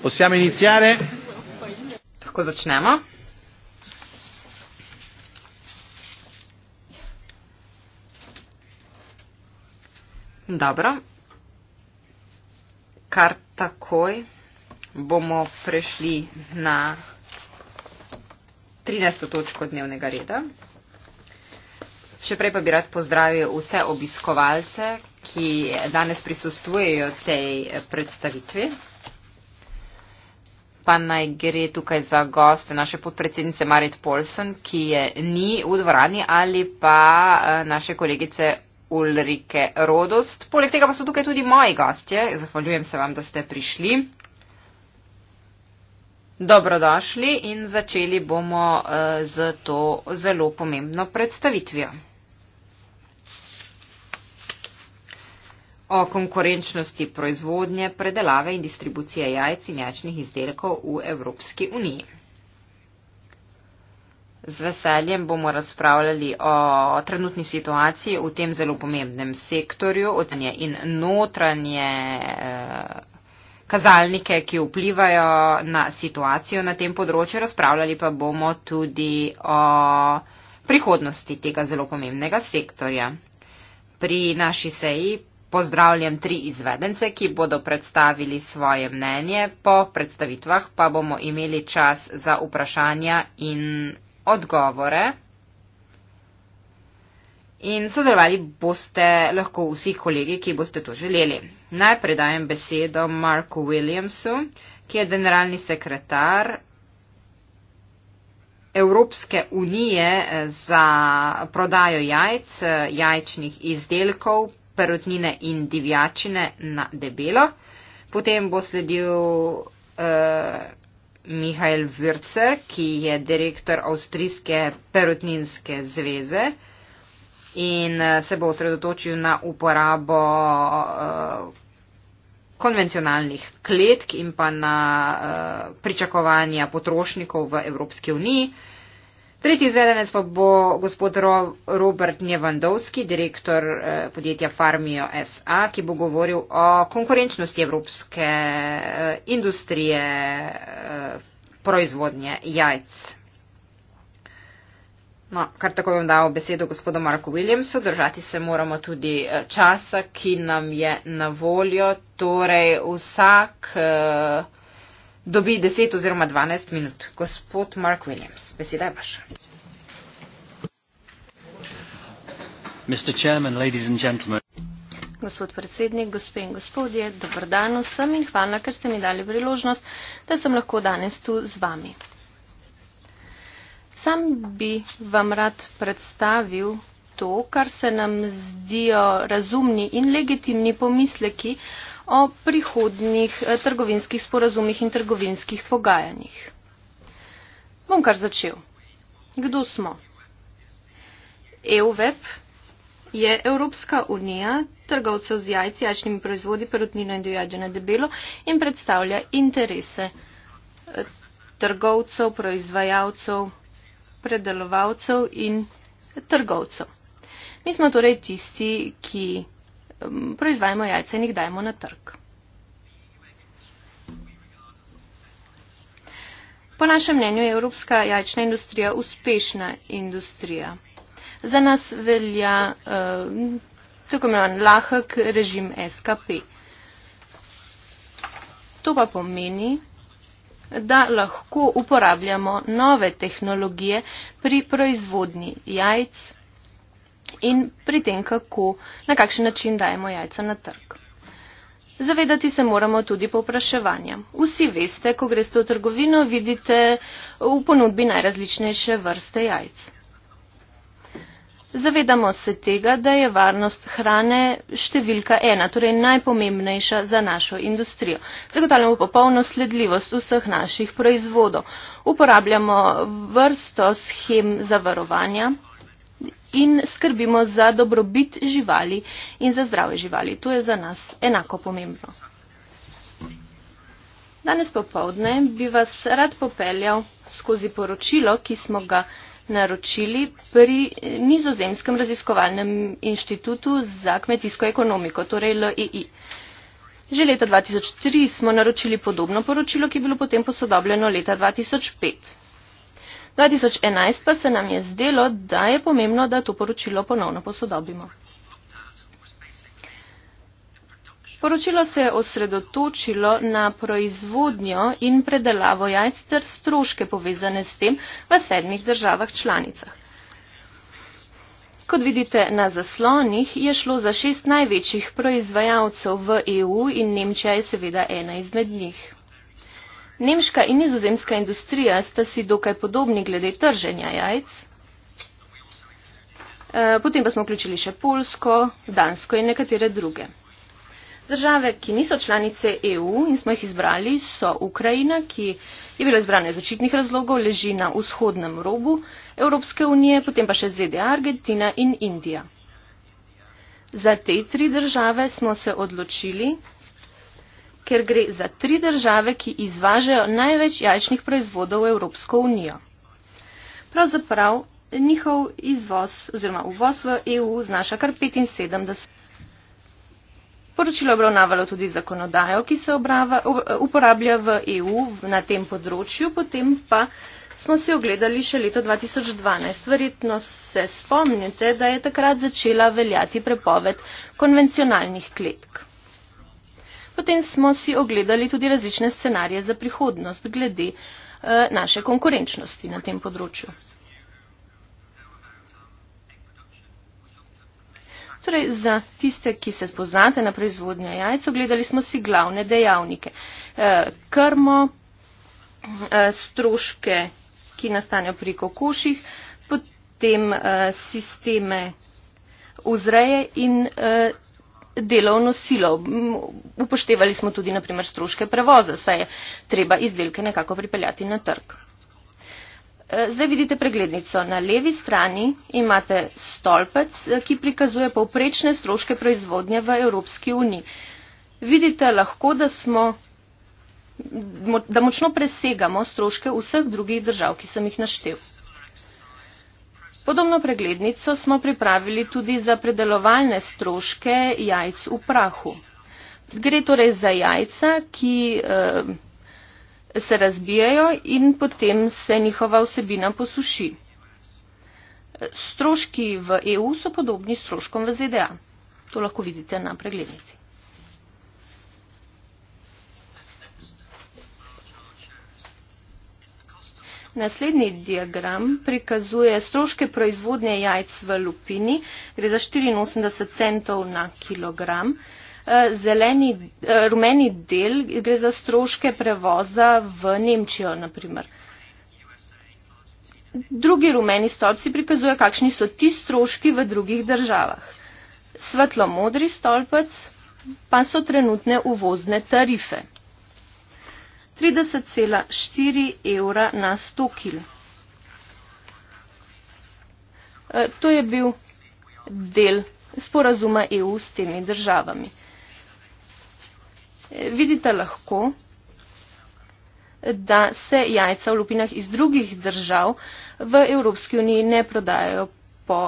Possiamo iniziare? Lahko začnemo. Dobro. Kar takoj bomo prešli na 13. točko dnevnega reda. Še prej pa bi rad pozdravil vse obiskovalce, ki danes prisustujejo tej predstavitvi pa naj gre tukaj za goste naše podpredsednice Marit Polsen, ki je ni v dvorani, ali pa eh, naše kolegice Ulrike Rodost. Poleg tega pa so tukaj tudi moji gostje. Zahvaljujem se vam, da ste prišli. Dobrodošli in začeli bomo eh, z to zelo pomembno predstavitvijo. o konkurenčnosti proizvodnje, predelave in distribucije jajc in jačnih izdelkov v Evropski uniji. Z veseljem bomo razpravljali o trenutni situaciji v tem zelo pomembnem sektorju, ocenje in notranje eh, kazalnike, ki vplivajo na situacijo na tem področju. Razpravljali pa bomo tudi o prihodnosti tega zelo pomembnega sektorja. Pri naši seji Pozdravljam tri izvedence, ki bodo predstavili svoje mnenje, po predstavitvah pa bomo imeli čas za vprašanja in odgovore. In sodelovali boste lahko vsi kolegi, ki boste to želeli. Najprej dajem besedo Marku Williamsu, ki je generalni sekretar Evropske unije za prodajo jajc, jajčnih izdelkov, perutnine in divjačine na debelo. Potem bo sledil uh, eh, Mihajl Würcer, ki je direktor Avstrijske perutninske zveze in uh, se bo osredotočil na uporabo uh, konvencionalnih kletk in pa na uh, pričakovanja potrošnikov v Evropski uniji. Uh, Tretji izvedenec pa bo gospod Robert Njevandovski, direktor eh, podjetja Farmio SA, ki bo govoril o konkurenčnosti evropske eh, industrije eh, proizvodnje jajc. No, kar tako bom dal besedo gospodu Marku Williamsu, držati se moramo tudi časa, ki nam je na voljo. Torej vsak. Uh, dobi 10 oziroma 12 minut. Gospod Mark Williams, beseda je vaša. Gospod predsednik, gospe in gospodje, dobr dan vsem in hvala, ker ste mi dali priložnost, da sem lahko danes tu z vami. Sam bi vam rad predstavil to, kar se nam zdijo razumni in legitimni pomisleki o prihodnih eh, trgovinskih sporazumih in trgovinskih pogajanjih. Bom kar začel. Kdo smo? EUWEP je Evropska unija trgovcev z jajci, jajčnimi proizvodi, perutnino in divjadjo na debelo in predstavlja interese eh, trgovcev, proizvajalcev, predelovalcev in trgovcev. Mi smo torej tisti, ki Um, proizvajamo jajce in jih dajemo na trg. Po našem mnenju je evropska jajčna industrija uspešna industrija. Za nas velja uh, tako imenovan lahek režim SKP. To pa pomeni, da lahko uporabljamo nove tehnologije pri proizvodni jajc, in pri tem, kako, na kakšen način dajemo jajca na trg. Zavedati se moramo tudi povpraševanja. Vsi veste, ko greste v trgovino, vidite v ponudbi najrazličnejše vrste jajc. Zavedamo se tega, da je varnost hrane številka ena, torej najpomembnejša za našo industrijo. Zagotavljamo popolno sledljivost vseh naših proizvodov. Uporabljamo vrsto schem zavarovanja, in skrbimo za dobrobit živali in za zdrave živali. To je za nas enako pomembno. Danes popovdne bi vas rad popeljal skozi poročilo, ki smo ga naročili pri Nizozemskem raziskovalnem inštitutu za kmetijsko ekonomiko, torej LII. E Že leta 2003 smo naročili podobno poročilo, ki je bilo potem posodobljeno leta 2005. 2011 pa se nam je zdelo, da je pomembno, da to poročilo ponovno posodobimo. Poročilo se je osredotočilo na proizvodnjo in predelavo jajc ter stroške povezane s tem v sedmih državah članicah. Kot vidite na zaslonih, je šlo za šest največjih proizvajalcev v EU in Nemčija je seveda ena izmed njih. Nemška in nizozemska industrija sta si dokaj podobni glede trženja jajc. E, potem pa smo vključili še Polsko, Dansko in nekatere druge. Države, ki niso članice EU in smo jih izbrali, so Ukrajina, ki je bila izbrana iz očitnih razlogov, leži na vzhodnem robu Evropske unije, potem pa še ZDA, Argentina in Indija. Za te tri države smo se odločili ker gre za tri države, ki izvažajo največ jajčnih proizvodov v Evropsko unijo. Pravzaprav njihov izvoz oziroma uvoz v EU znaša kar 75. Poročilo je obravnavalo tudi zakonodajo, ki se obrava, uporablja v EU na tem področju, potem pa smo si ogledali še leto 2012. Verjetno se spomnite, da je takrat začela veljati prepoved konvencionalnih kletk. Potem smo si ogledali tudi različne scenarije za prihodnost glede eh, naše konkurenčnosti na tem področju. Torej, za tiste, ki se spoznate na proizvodnjo jajc, ogledali smo si glavne dejavnike. Eh, krmo, eh, stroške, ki nastanejo pri kokoših, potem sisteme vzreje in delovno silo. Upoštevali smo tudi naprimer stroške prevoza, saj je treba izdelke nekako pripeljati na trg. E, zdaj vidite preglednico. Na levi strani imate stolpec, e, ki prikazuje povprečne stroške proizvodnje v Evropski uniji. Vidite lahko, da, smo, da močno presegamo stroške vseh drugih držav, ki sem jih naštevil. Podobno preglednico smo pripravili tudi za predelovalne stroške jajc v prahu. Gre torej za jajca, ki eh, se razbijajo in potem se njihova vsebina posuši. Stroški v EU so podobni stroškom v ZDA. To lahko vidite na preglednici. Naslednji diagram prikazuje stroške proizvodnje jajc v lupini, gre za 84 centov na kilogram. Eh, zeleni, eh, rumeni del gre za stroške prevoza v Nemčijo, naprimer. Drugi rumeni stolpci prikazuje, kakšni so ti stroški v drugih državah. Svetlomodri stolpec pa so trenutne uvozne tarife. 30,4 evra na 100 kil. E, to je bil del sporazuma EU s temi državami. E, vidite lahko, da se jajca v lupinah iz drugih držav v Evropski uniji ne prodajajo po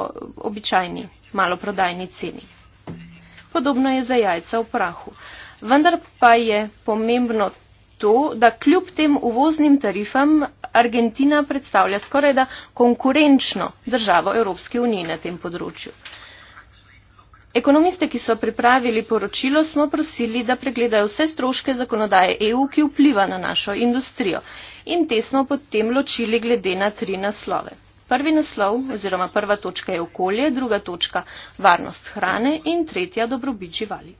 običajni maloprodajni ceni. Podobno je za jajca v prahu. Vendar pa je pomembno to, da kljub tem uvoznim tarifam Argentina predstavlja skoraj da konkurenčno državo Evropske unije na tem področju. Ekonomiste, ki so pripravili poročilo, smo prosili, da pregledajo vse stroške zakonodaje EU, ki vpliva na našo industrijo. In te smo potem ločili glede na tri naslove. Prvi naslov oziroma prva točka je okolje, druga točka varnost hrane in tretja dobrobit živali.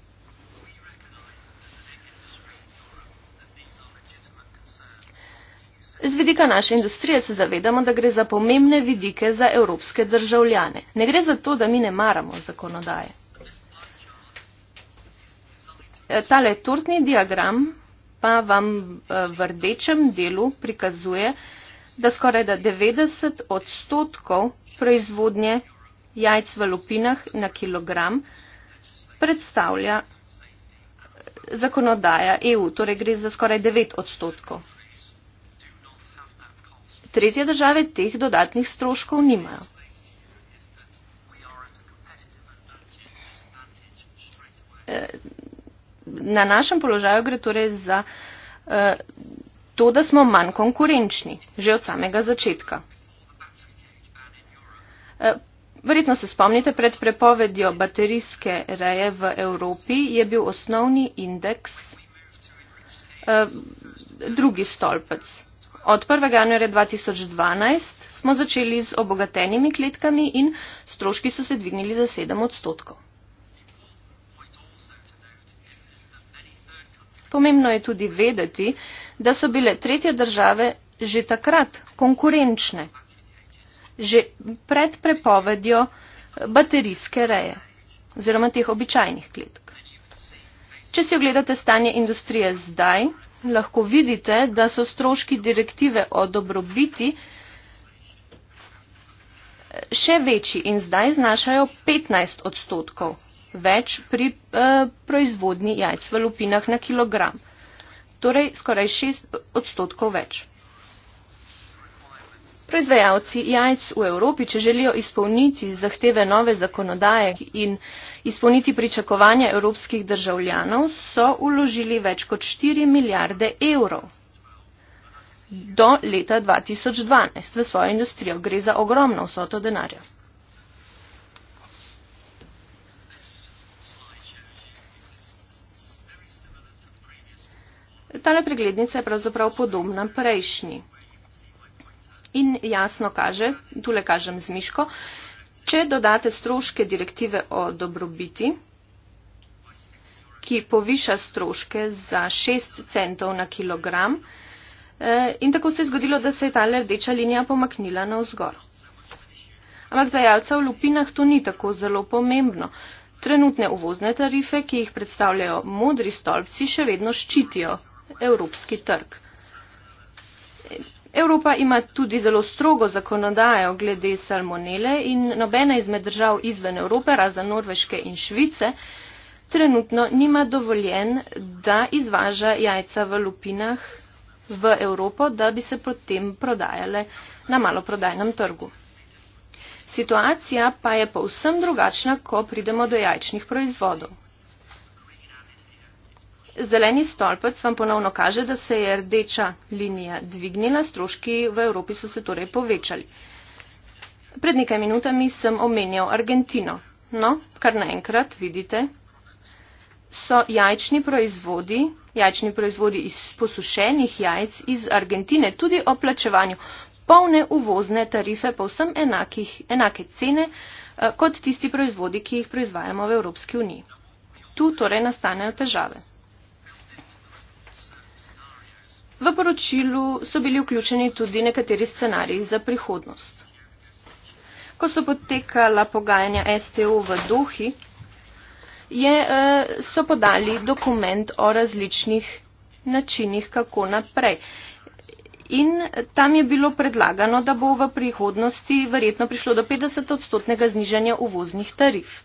Z vidika naše industrije se zavedamo, da gre za pomembne vidike za evropske državljane. Ne gre za to, da mi ne maramo zakonodaje. E, tale tortni diagram pa vam e, v rdečem delu prikazuje, da skoraj da 90 odstotkov proizvodnje jajc v lupinah na kilogram predstavlja e, zakonodaja EU, torej gre za skoraj 9 odstotkov tretje države teh dodatnih stroškov nimajo. E, na našem položaju gre torej za e, to, da smo manj konkurenčni, že od samega začetka. E, verjetno se spomnite, pred prepovedjo baterijske reje v Evropi je bil osnovni indeks drugi stolpec. Od 1. januarja 2012 smo začeli z obogatenimi kletkami in stroški so se dvignili za 7 odstotkov. Pomembno je tudi vedeti, da so bile tretje države že takrat konkurenčne, že pred prepovedjo baterijske reje oziroma teh običajnih kletk. Če si ogledate stanje industrije zdaj, lahko vidite, da so stroški direktive o dobrobiti eh, še večji in zdaj znašajo 15 odstotkov več pri eh, proizvodni jajc v lupinah na kilogram. Torej skoraj 6 odstotkov več. Proizvajalci jajc v Evropi, če želijo izpolniti zahteve nove zakonodaje in izpolniti pričakovanja evropskih državljanov, so uložili več kot 4 milijarde evrov do leta 2012 v svojo industrijo. Gre za ogromno vsoto denarja. Tale preglednica je pravzaprav podobna prejšnji in jasno kaže, tule kažem z miško, če dodate stroške direktive o dobrobiti, ki poviša stroške za 6 centov na kilogram, eh, in tako se je zgodilo, da se je ta rdeča linija pomaknila na vzgor. Ampak za jajca v lupinah to ni tako zelo pomembno. Trenutne uvozne tarife, ki jih predstavljajo modri stolpci, še vedno ščitijo evropski trg. Evropa ima tudi zelo strogo zakonodajo glede salmonele in nobena izmed držav izven Evrope, razen Norveške in Švice, trenutno nima dovoljen, da izvaža jajca v lupinah v Evropo, da bi se potem prodajale na maloprodajnem trgu. Situacija pa je povsem drugačna, ko pridemo do jajčnih proizvodov. Zeleni stolpec vam ponovno kaže, da se je rdeča linija dvignila, stroški v Evropi so se torej povečali. Pred nekaj minutami sem omenjal Argentino. No, kar naenkrat vidite, so jajčni proizvodi, jajčni proizvodi iz posušenih jajc iz Argentine tudi o plačevanju polne uvozne tarife povsem enakih, enake cene eh, kot tisti proizvodi, ki jih proizvajamo v Evropski uniji. Tu torej nastanejo težave. V poročilu so bili vključeni tudi nekateri scenariji za prihodnost. Ko so potekala pogajanja STO v Dohi, je, eh, so podali dokument o različnih načinih, kako naprej. In tam je bilo predlagano, da bo v prihodnosti verjetno prišlo do 50-odstotnega znižanja uvoznih tarif.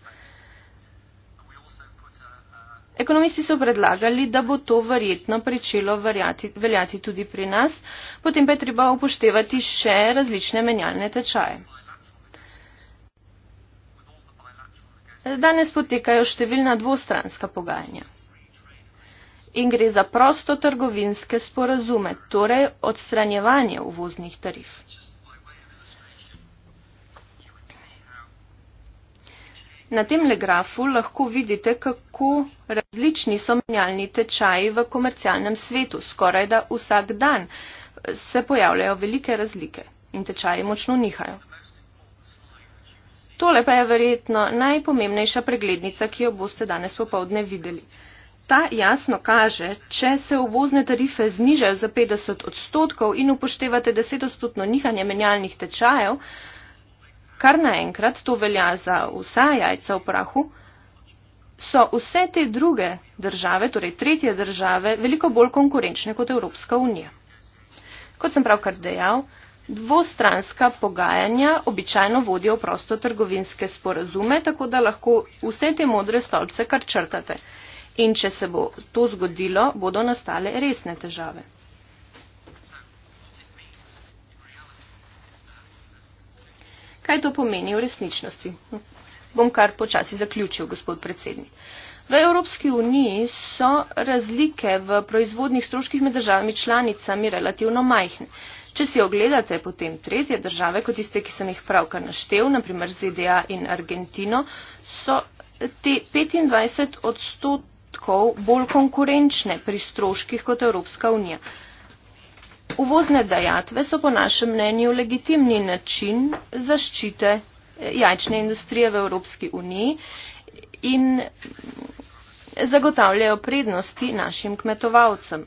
Ekonomisti so predlagali, da bo to verjetno pričelo verjati, veljati tudi pri nas, potem pa je treba upoštevati še različne menjalne tečaje. Danes potekajo številna dvostranska pogajanja. In gre za prosto trgovinske sporazume, torej odstranjevanje uvoznih tarif. Na tem legrafu lahko vidite, kako različni so menjalni tečaji v komercialnem svetu. Skoraj da vsak dan se pojavljajo velike razlike in tečaji močno nihajo. Tole pa je verjetno najpomembnejša preglednica, ki jo boste danes popovdne videli. Ta jasno kaže, če se uvozne tarife znižajo za 50 odstotkov in upoštevate 10 odstotno nihanje menjalnih tečajev, kar naenkrat to velja za vsa jajca v prahu, so vse te druge države, torej tretje države, veliko bolj konkurenčne kot Evropska unija. Kot sem pravkar dejal, dvostranska pogajanja običajno vodijo v prostotrgovinske sporazume, tako da lahko vse te modre stolpce kar črtate. In če se bo to zgodilo, bodo nastale resne težave. kaj to pomeni v resničnosti. Bom kar počasi zaključil, gospod predsednik. V Evropski uniji so razlike v proizvodnih stroških med državami članicami relativno majhne. Če si ogledate potem tretje države, kot tiste, ki sem jih pravkar naštel, naprimer ZDA in Argentino, so te 25 odstotkov bolj konkurenčne pri stroških kot Evropska unija. Uvozne dajatve so po našem mnenju legitimni način zaščite eh, jajčne industrije v Evropski uniji in zagotavljajo prednosti našim kmetovalcem.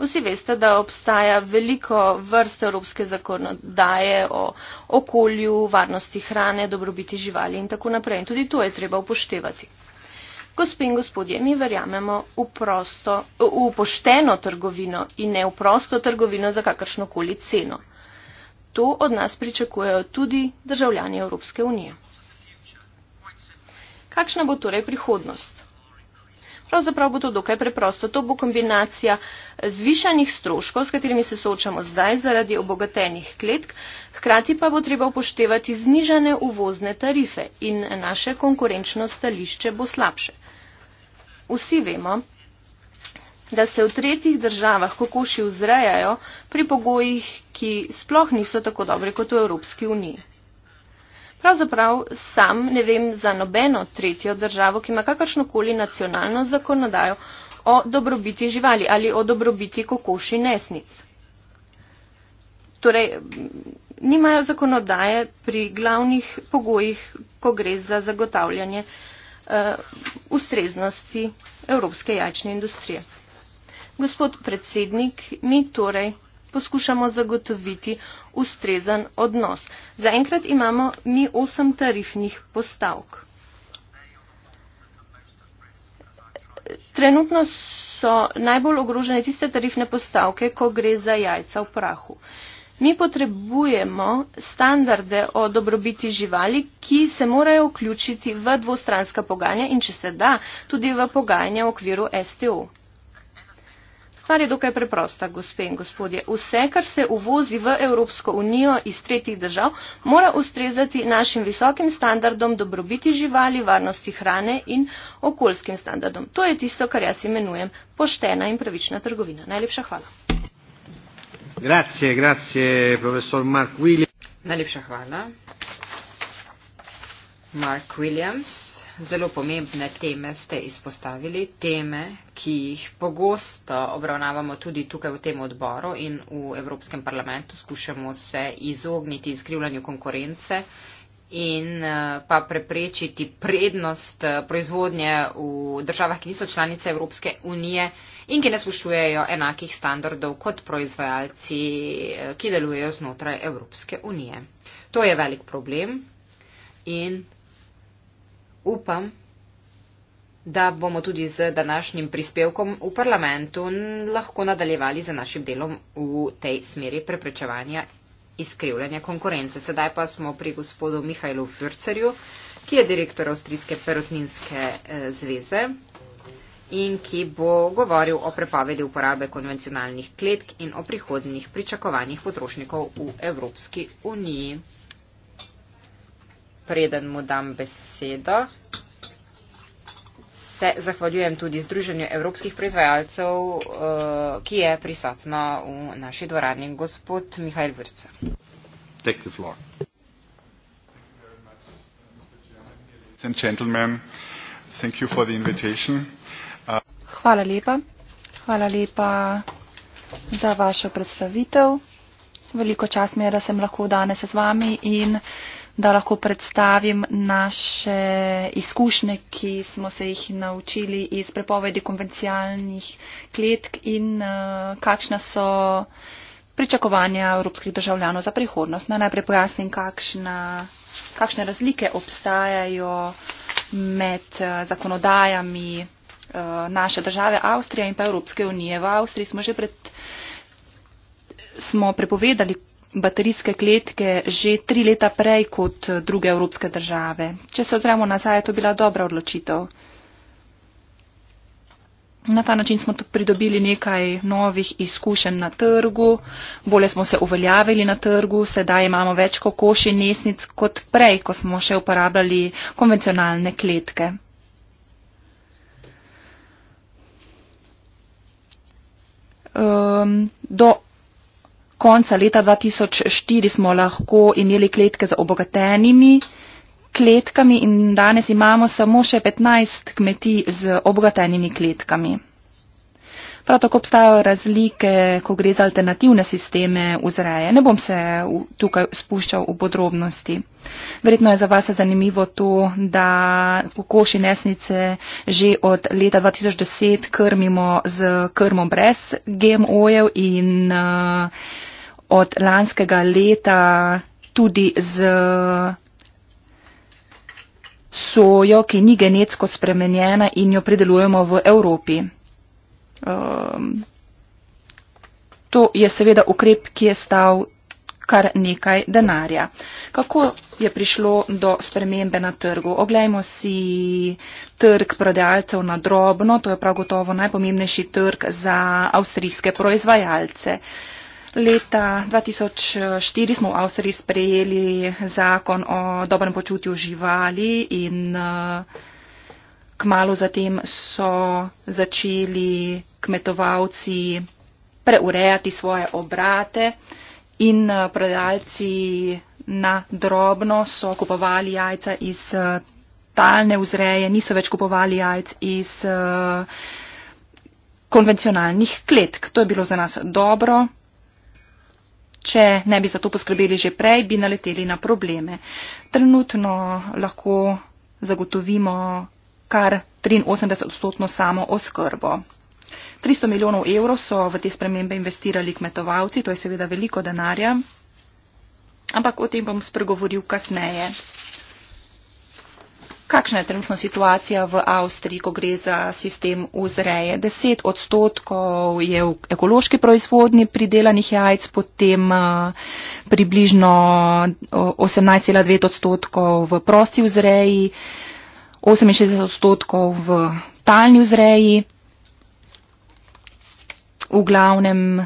Vsi veste, da obstaja veliko vrst evropske zakonodaje o okolju, varnosti hrane, dobrobiti živali in tako naprej. In tudi to je treba upoštevati. Gospe in gospodje, mi verjamemo v, prosto, v pošteno trgovino in ne v prosto trgovino za kakršnokoli ceno. To od nas pričakujejo tudi državljani Evropske unije. Kakšna bo torej prihodnost? Pravzaprav bo to dokaj preprosto. To bo kombinacija zvišanih stroškov, s katerimi se soočamo zdaj zaradi obogatenih kletk, hkrati pa bo treba upoštevati znižane uvozne tarife in naše konkurenčno stališče bo slabše. Vsi vemo, da se v tretjih državah kokoši vzrejajo pri pogojih, ki sploh niso tako dobre kot v Evropski uniji. Pravzaprav sam ne vem za nobeno tretjo državo, ki ima kakršnokoli nacionalno zakonodajo o dobrobiti živali ali o dobrobiti kokoši nesnic. Torej, nimajo zakonodaje pri glavnih pogojih, ko gre za zagotavljanje uh, ustreznosti evropske jačne industrije. Gospod predsednik, mi torej poskušamo zagotoviti ustrezan odnos. Zaenkrat imamo mi osem tarifnih postavk. Trenutno so najbolj ogrožene tiste tarifne postavke, ko gre za jajca v prahu. Uh, Mi potrebujemo standarde o dobrobiti živali, ki se morajo vključiti v dvostranska pogajanja in, če se da, tudi v pogajanja v okviru STO. Stvar je dokaj preprosta, gospe in gospodje. Vse, kar se uvozi v Evropsko unijo iz tretjih držav, mora ustrezati našim visokim standardom dobrobiti živali, varnosti hrane in okoljskim standardom. To je tisto, kar jaz imenujem poštena in pravična trgovina. Najlepša hvala. Grazie, grazie professor Mark Williams. Najlepša hvala. Mark Williams, zelo pomembne teme ste izpostavili, teme, ki jih pogosto obravnavamo tudi tukaj v tem odboru in v Evropskem parlamentu skušamo se izogniti izkrivljanju konkurence in eh, pa preprečiti prednost eh, proizvodnje v državah, ki niso članice Evropske unije in ki ne spoštujejo enakih standardov kot proizvajalci, eh, ki delujejo znotraj Evropske unije. To je velik problem in upam, da bomo tudi z današnjim prispevkom v parlamentu lahko nadaljevali z našim delom v tej smeri preprečevanja izkrivljanje konkurence. Sedaj pa smo pri gospodu Mihajlu Fürcerju, ki je direktor Avstrijske perutninske eh, zveze in ki bo govoril o prepovedi uporabe konvencionalnih kletk in o prihodnjih pričakovanjih potrošnikov v Evropski uniji. Preden mu dam besedo, se zahvaljujem tudi Združenju evropskih proizvajalcev, uh, ki je prisotno v naši dvorani, gospod Mihajl Vrca. Uh, Hvala lepa. Hvala lepa za vašo predstavitev. Veliko čas mi je, da sem lahko danes z vami in uh, da lahko predstavim naše izkušnje, ki smo se jih naučili iz prepovedi konvencionalnih kletk in uh, kakšna so pričakovanja evropskih državljanov za prihodnost. Naj no, najprej pojasnim, kakšna, kakšne razlike obstajajo med eh, zakonodajami eh, naše države Avstrija in pa Evropske unije. V Avstriji smo že pred, smo prepovedali baterijske kletke že tri leta prej kot druge evropske države. Če se ozremo nazaj, je to bila dobra odločitev. Na ta način smo pridobili nekaj novih izkušenj na trgu, bolje smo se uveljavili na trgu, sedaj imamo več kokoši nesnic kot prej, ko smo še uporabljali konvencionalne kletke. Um, do konca leta 2004 smo lahko imeli kletke z obogatenimi kletkami in danes imamo samo še 15 kmetij z obogatenimi kletkami. Prav tako obstajajo razlike, ko gre za alternativne sisteme vzreje. Ne bom se tukaj spuščal v podrobnosti. Verjetno je za vas zanimivo to, da kokoši nesnice že od leta 2010 krmimo z krmo brez GMO-jev in uh, od lanskega leta tudi z sojo, ki ni genetsko spremenjena in jo predelujemo v Evropi. Um, to je seveda ukrep, ki je stal kar nekaj denarja. Kako je prišlo do spremembe na trgu? Oglejmo si trg prodajalcev na drobno, to je prav gotovo najpomembnejši trg za avstrijske proizvajalce. Uh, Leta 2004 smo v Avstriji sprejeli zakon o dobrem počutju živali in eh, kmalo zatem so začeli kmetovalci preurejati svoje obrate in eh, prodajalci na drobno so kupovali jajca iz eh, talne vzreje, niso več kupovali jajc iz konvencionalnih kletk. To je bilo za nas dobro. Če ne bi za to poskrbeli že prej, bi naleteli na probleme. Trenutno lahko zagotovimo kar 83-odstotno samo oskrbo. 300 milijonov evrov so v te spremembe investirali kmetovalci, to je seveda veliko denarja, ampak o tem bom spregovoril kasneje. Kakšna je trenutna situacija v Avstriji, ko gre za sistem vzreje? Deset odstotkov je v ekološki proizvodni pridelanih jajc, potem eh, približno 18,9 eh, odstotkov v prosti vzreji, 68 odstotkov v talni vzreji. V glavnem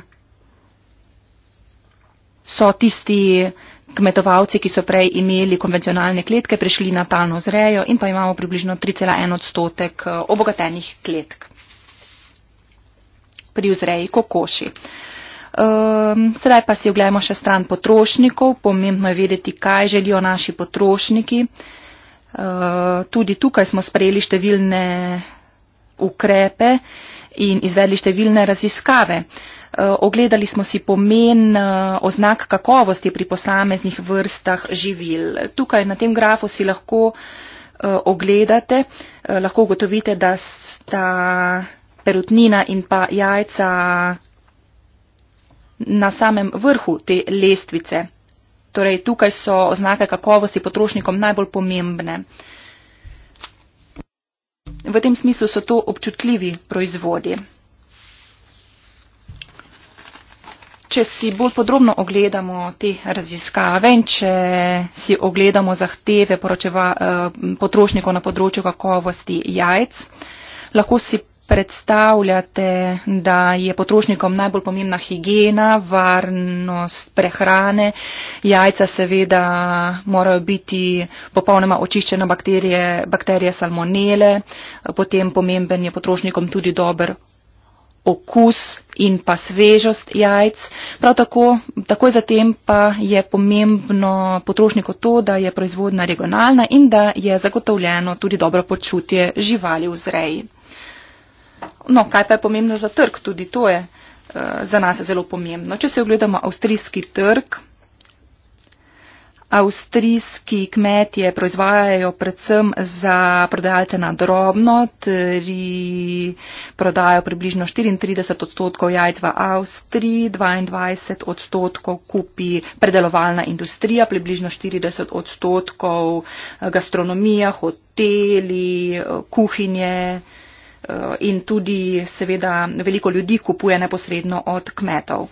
so tisti, kmetovalci, ki so prej imeli konvencionalne kletke, prešli na talno zrejo in pa imamo približno 3,1 odstotek eh, obogatenih kletk pri vzreji kokoši. Ehm, sedaj pa si oglejmo še stran potrošnikov. Pomembno je vedeti, kaj želijo naši potrošniki. Ehm, tudi tukaj smo sprejeli številne ukrepe in izvedli številne raziskave. Eh, ogledali smo si pomen eh, oznak kakovosti pri posameznih vrstah živil. Tukaj na tem grafu si lahko eh, ogledate, lahko ugotovite, da sta perutnina in pa jajca na samem vrhu te lestvice. Torej, tukaj so oznake kakovosti potrošnikom najbolj pomembne. V tem smislu so to občutljivi proizvodi. Če si bolj podrobno ogledamo te raziskave in če si ogledamo zahteve poročeva, eh, potrošnikov na področju kakovosti jajc, lahko si predstavljate, da je potrošnikom najbolj pomembna higiena, varnost prehrane. Jajca seveda morajo biti popolnoma očiščena bakterije, bakterije salmonele, potem pomemben je potrošnikom tudi dober okus in pa svežost jajc. Prav tako, takoj zatem pa je pomembno potrošniku to, da je proizvodna regionalna in da je zagotovljeno tudi dobro počutje živali v zreji. No, kaj pa je pomembno za trg? Tudi to je uh, za nas zelo pomembno. Če se ogledamo avstrijski trg, Avstrijski kmetje proizvajajo predvsem za prodajalce na drobno, tri prodajo približno 34 odstotkov jajc v Avstriji, 22 odstotkov kupi predelovalna industrija, približno 40 odstotkov eh, gastronomija, hoteli, eh, kuhinje eh, in tudi seveda veliko ljudi kupuje neposredno od kmetov.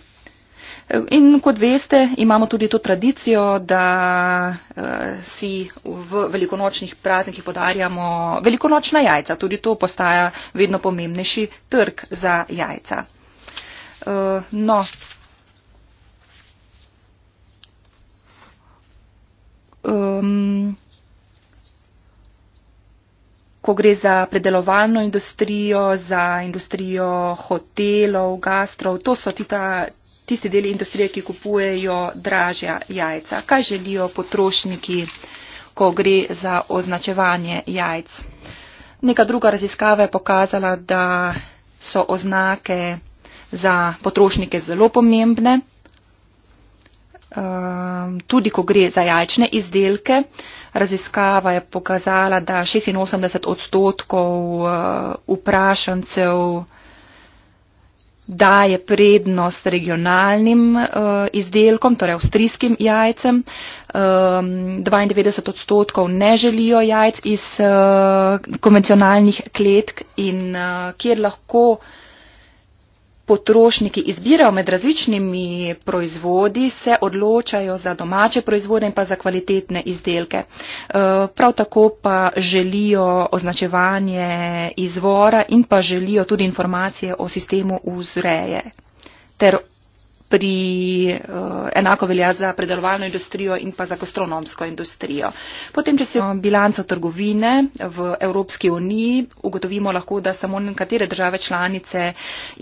In kot veste, imamo tudi to tradicijo, da uh, si v velikonočnih praznikih podarjamo velikonočna jajca. Tudi to postaja vedno pomembnejši trg za jajca. Uh, no. um, ko gre za predelovalno industrijo, za industrijo hotelov, gastrov, to so tista tisti deli industrije, ki kupujejo dražja jajca. Kaj želijo potrošniki, ko gre za označevanje jajc? Neka druga raziskava je pokazala, da so oznake za potrošnike zelo pomembne, ehm, tudi ko gre za jajčne izdelke. Raziskava je pokazala, da 86 odstotkov eh, vprašancev daje prednost regionalnim uh, izdelkom, torej avstrijskim jajcem. Um, ehm, 92 odstotkov ne želijo jajc iz uh, konvencionalnih kletk in uh, kjer lahko uh, potrošniki izbirajo med različnimi proizvodi, se odločajo za domače proizvode in pa za kvalitetne izdelke. Eh, prav tako pa želijo označevanje izvora in pa želijo tudi informacije o sistemu vzreje ter pri, eh, enako velja za predelovalno industrijo in pa za gastronomsko industrijo. Potem, če si bilanco trgovine v Evropski uniji, ugotovimo lahko, da samo nekatere države članice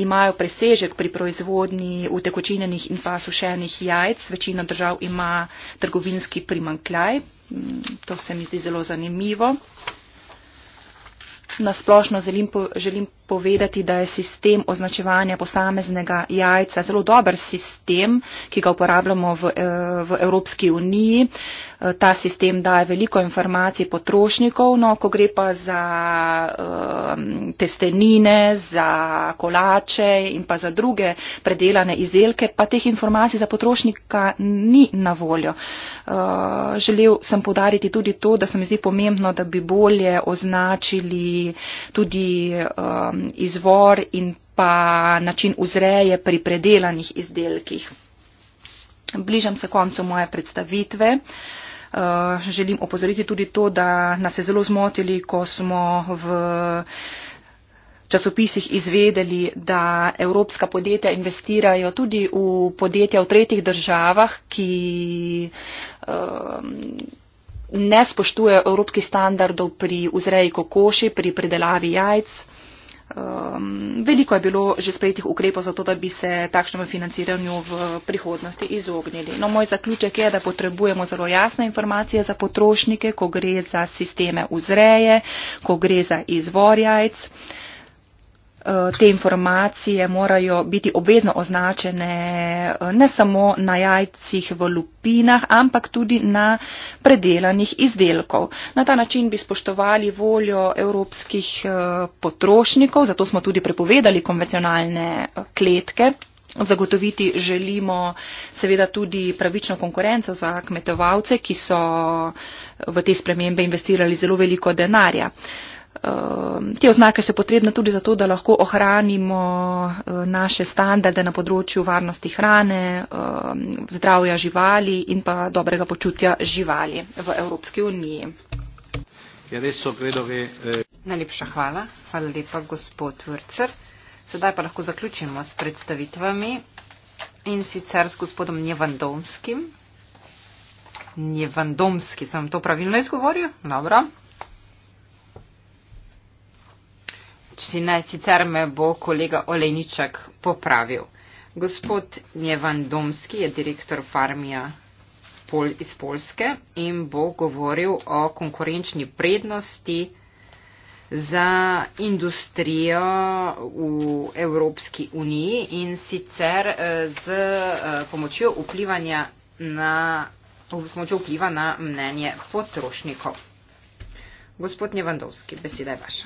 imajo presežek pri proizvodnji utekočinjenih in pa sušenih jajc, večina držav ima trgovinski primankljaj. Mm, to se mi zdi zelo zanimivo na splošno želim, po, želim povedati, da je sistem označevanja posameznega jajca zelo dober sistem, ki ga uporabljamo v, eh, v Evropski uniji. Uh, ta sistem daje veliko informacij potrošnikov, no ko gre pa za um, testenine, za kolače in pa za druge predelane izdelke, pa teh informacij za potrošnika ni na voljo. Uh, želel sem podariti tudi to, da se mi zdi pomembno, da bi bolje označili tudi um, izvor in pa način uzreje pri predelanih izdelkih. Bližam se koncu moje predstavitve. Uh, Eh, želim opozoriti tudi to, da nas je zelo zmotili, ko smo v časopisih izvedeli, da evropska podjetja investirajo tudi v podjetja v tretjih državah, ki eh, ne spoštujejo evropskih standardov pri vzreji kokoši, pri predelavi jajc um, veliko je bilo že sprejetih ukrepov za to, da bi se takšnemu financiranju v prihodnosti izognili. No, moj zaključek je, da potrebujemo zelo jasne informacije za potrošnike, ko gre za sisteme vzreje, ko gre za izvor jajc. Uh, Eh, te informacije morajo biti obvezno označene eh, ne samo na jajcih v lupinah, ampak tudi na predelanih izdelkov. Na ta način bi spoštovali voljo evropskih eh, potrošnikov, zato smo tudi prepovedali konvencionalne kletke. Zagotoviti želimo seveda tudi pravično konkurenco za kmetovalce, ki so v te spremembe investirali zelo veliko denarja. Uh, Ehm, te oznake so potrebne tudi zato, da lahko ohranimo eh, naše standarde na področju varnosti hrane, ehm, zdravja živali in pa dobrega počutja živali v Evropski uniji. Ja, eh, Najlepša hvala. Hvala lepa, gospod Vrcer. Sedaj pa lahko zaključimo s predstavitvami in sicer s gospodom Njevandomskim. Njevandomski, sem to pravilno izgovoril? Dobro. nepremičnine, sicer me bo kolega Olejniček popravil. Gospod Jevan Domski je direktor farmija Pol iz Polske in bo govoril o konkurenčni prednosti za industrijo v Evropski uniji in sicer eh, z eh, pomočjo vplivanja na, s pomočjo vpliva na mnenje potrošnikov. Gospod Nevandovski, beseda je vaša.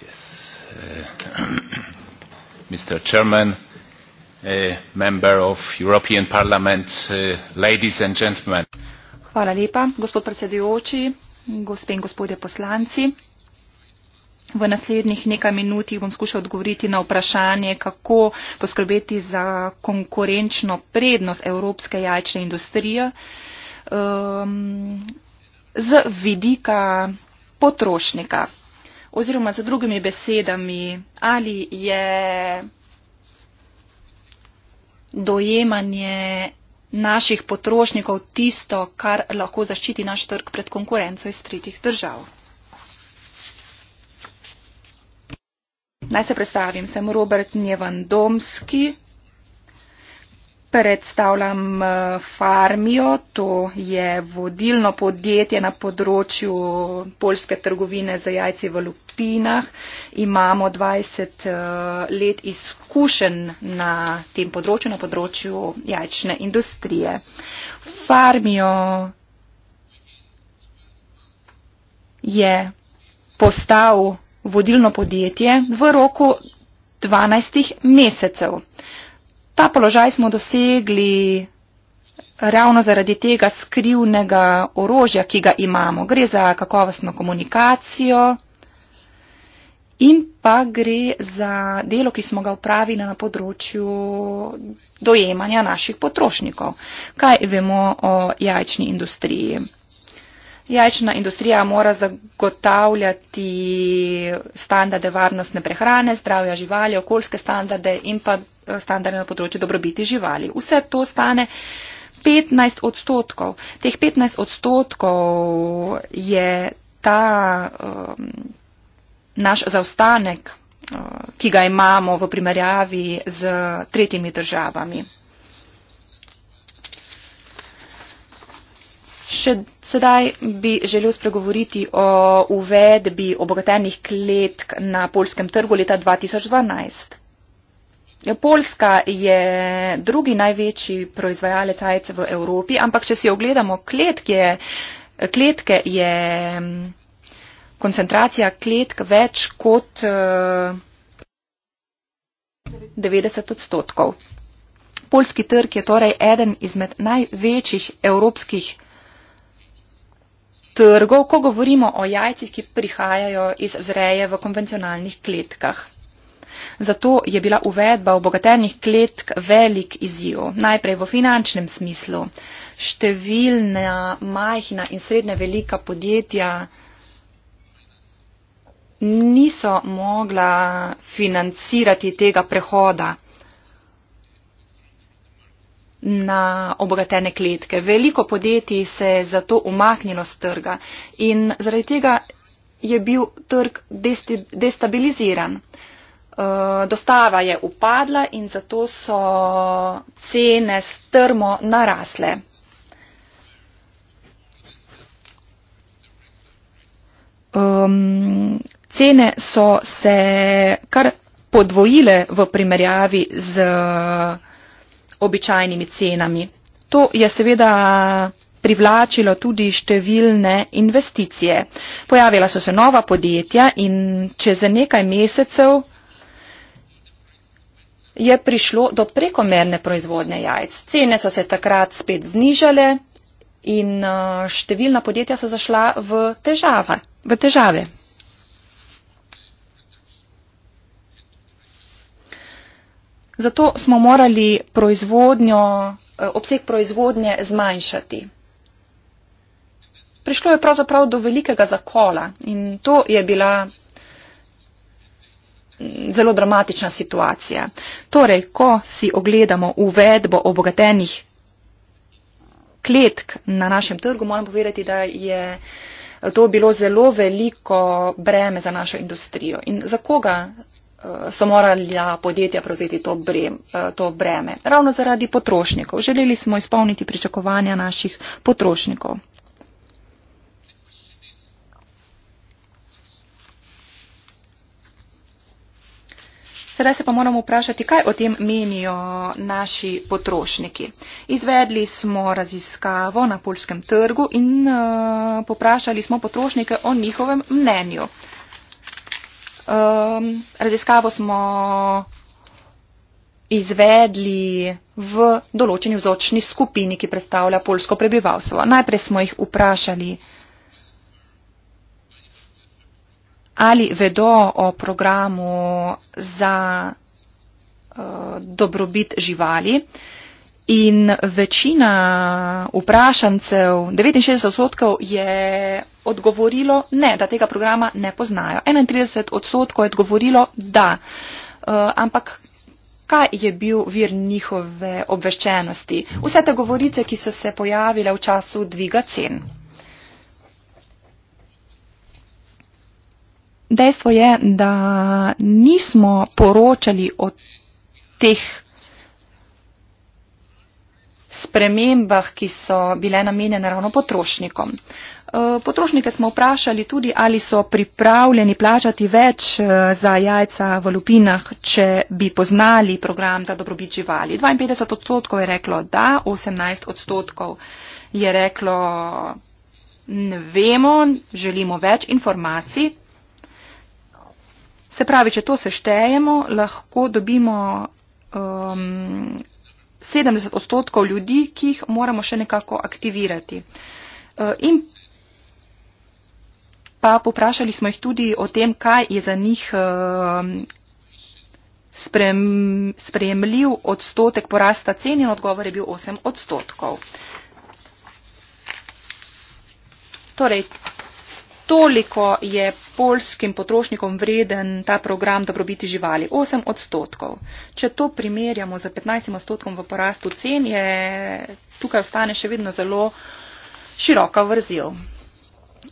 Yes. Uh, Mr. Chairman, uh, Member of European Parliament, uh, ladies and gentlemen. Hvala lepa, gospod predsedujoči, gospe in gospode poslanci. V naslednjih nekaj minutih bom skušal odgovoriti na vprašanje, kako poskrbeti za konkurenčno prednost evropske jajčne industrije um, z vidika potrošnika oziroma z drugimi besedami ali je dojemanje naših potrošnikov tisto, kar lahko zaščiti naš trg pred konkurenco iz tretjih držav. Naj se predstavim, sem Robert Njevandomski, predstavljam eh, Farmijo, to je vodilno podjetje na področju polske trgovine za jajci v lupinah. Imamo 20 eh, let izkušenj na tem področju, na področju jajčne industrije. Farmijo je postal vodilno podjetje v roku 12 mesecev. Ta položaj smo dosegli ravno zaradi tega skrivnega orožja, ki ga imamo. Gre za kakovostno komunikacijo in pa gre za delo, ki smo ga upravili na področju dojemanja naših potrošnikov. Kaj vemo o jajčni industriji? Jajčna industrija mora zagotavljati standarde varnostne prehrane, zdravja živali, okoljske standarde in pa eh, standarde na področju dobrobiti živali. Vse to stane 15 odstotkov. Teh 15 odstotkov je ta um, naš zaostanek, uh, ki ga imamo v primerjavi z tretjimi državami. Še sedaj bi želel spregovoriti o uvedbi obogatenih kletk na polskem trgu leta 2012. Ja, Polska je drugi največji proizvajalec jajc v Evropi, ampak če si ogledamo kletke, kletke je mm, koncentracija kletk več kot 90 eh, odstotkov. Polski trg je torej eden izmed največjih evropskih trgov trgov, ko govorimo o jajcih, ki prihajajo iz vzreje v konvencionalnih kletkah. Zato je bila uvedba obogatenih kletk velik izziv, najprej v finančnem smislu. Številna majhna in srednja velika podjetja niso mogla financirati tega prehoda na obogatene kletke. Veliko podjetij se je zato umaknilo z trga in zaradi tega je bil trg destabiliziran. Uh, dostava je upadla in zato so cene strmo narasle. Um, cene so se kar podvojile v primerjavi z običajnimi cenami. To je seveda privlačilo tudi številne investicije. Pojavila so se nova podjetja in čez nekaj mesecev je prišlo do prekomerne proizvodnje jajc. Cene so se takrat spet znižale in eh, številna podjetja so zašla v težave. V težave. Zato smo morali proizvodnjo, eh, obseg proizvodnje zmanjšati. Prišlo je pravzaprav do velikega zakola in to je bila mm, zelo dramatična situacija. Torej, ko si ogledamo uvedbo obogatenih kletk na našem trgu, moram povedati, da je eh, to bilo zelo veliko breme za našo industrijo. In za koga Eh, so morala podjetja prevzeti to, eh, to breme. Ravno zaradi potrošnikov. Želeli smo izpolniti pričakovanja naših potrošnikov. Sedaj se pa moramo vprašati, kaj o tem menijo naši potrošniki. Izvedli smo raziskavo na polskem trgu in uh, poprašali smo potrošnike o njihovem mnenju. Uh, Um, raziskavo smo izvedli v določeni vzočni skupini, ki predstavlja polsko prebivalstvo. Najprej smo jih vprašali, ali vedo o programu za uh, dobrobit živali. Uh, In večina vprašancev, 69 odstotkov, je odgovorilo ne, da tega programa ne poznajo. 31 odstotkov je odgovorilo da. Uh, ampak kaj je bil vir njihove obveščenosti? Vse te govorice, ki so se pojavile v času dviga cen. Dejstvo je, da nismo poročali o teh spremembah, ki so bile namenjene ravno potrošnikom. E, potrošnike smo vprašali tudi, ali so pripravljeni plačati več e, za jajca v lupinah, če bi poznali program za dobrobit živali. 52 odstotkov je reklo da, 18 odstotkov je reklo ne vemo, želimo več informacij. Se pravi, če to seštejemo, lahko dobimo. Um, 70 odstotkov ljudi, ki jih moramo še nekako aktivirati. E, in pa poprašali smo jih tudi o tem, kaj je za njih e, sprejemljiv odstotek porasta cen in odgovor je bil 8 odstotkov. Torej, toliko je polskim potrošnikom vreden ta program dobrobiti živali. 8 odstotkov. Če to primerjamo z 15 odstotkom v porastu cen, je tukaj ostane še vedno zelo široka vrzel.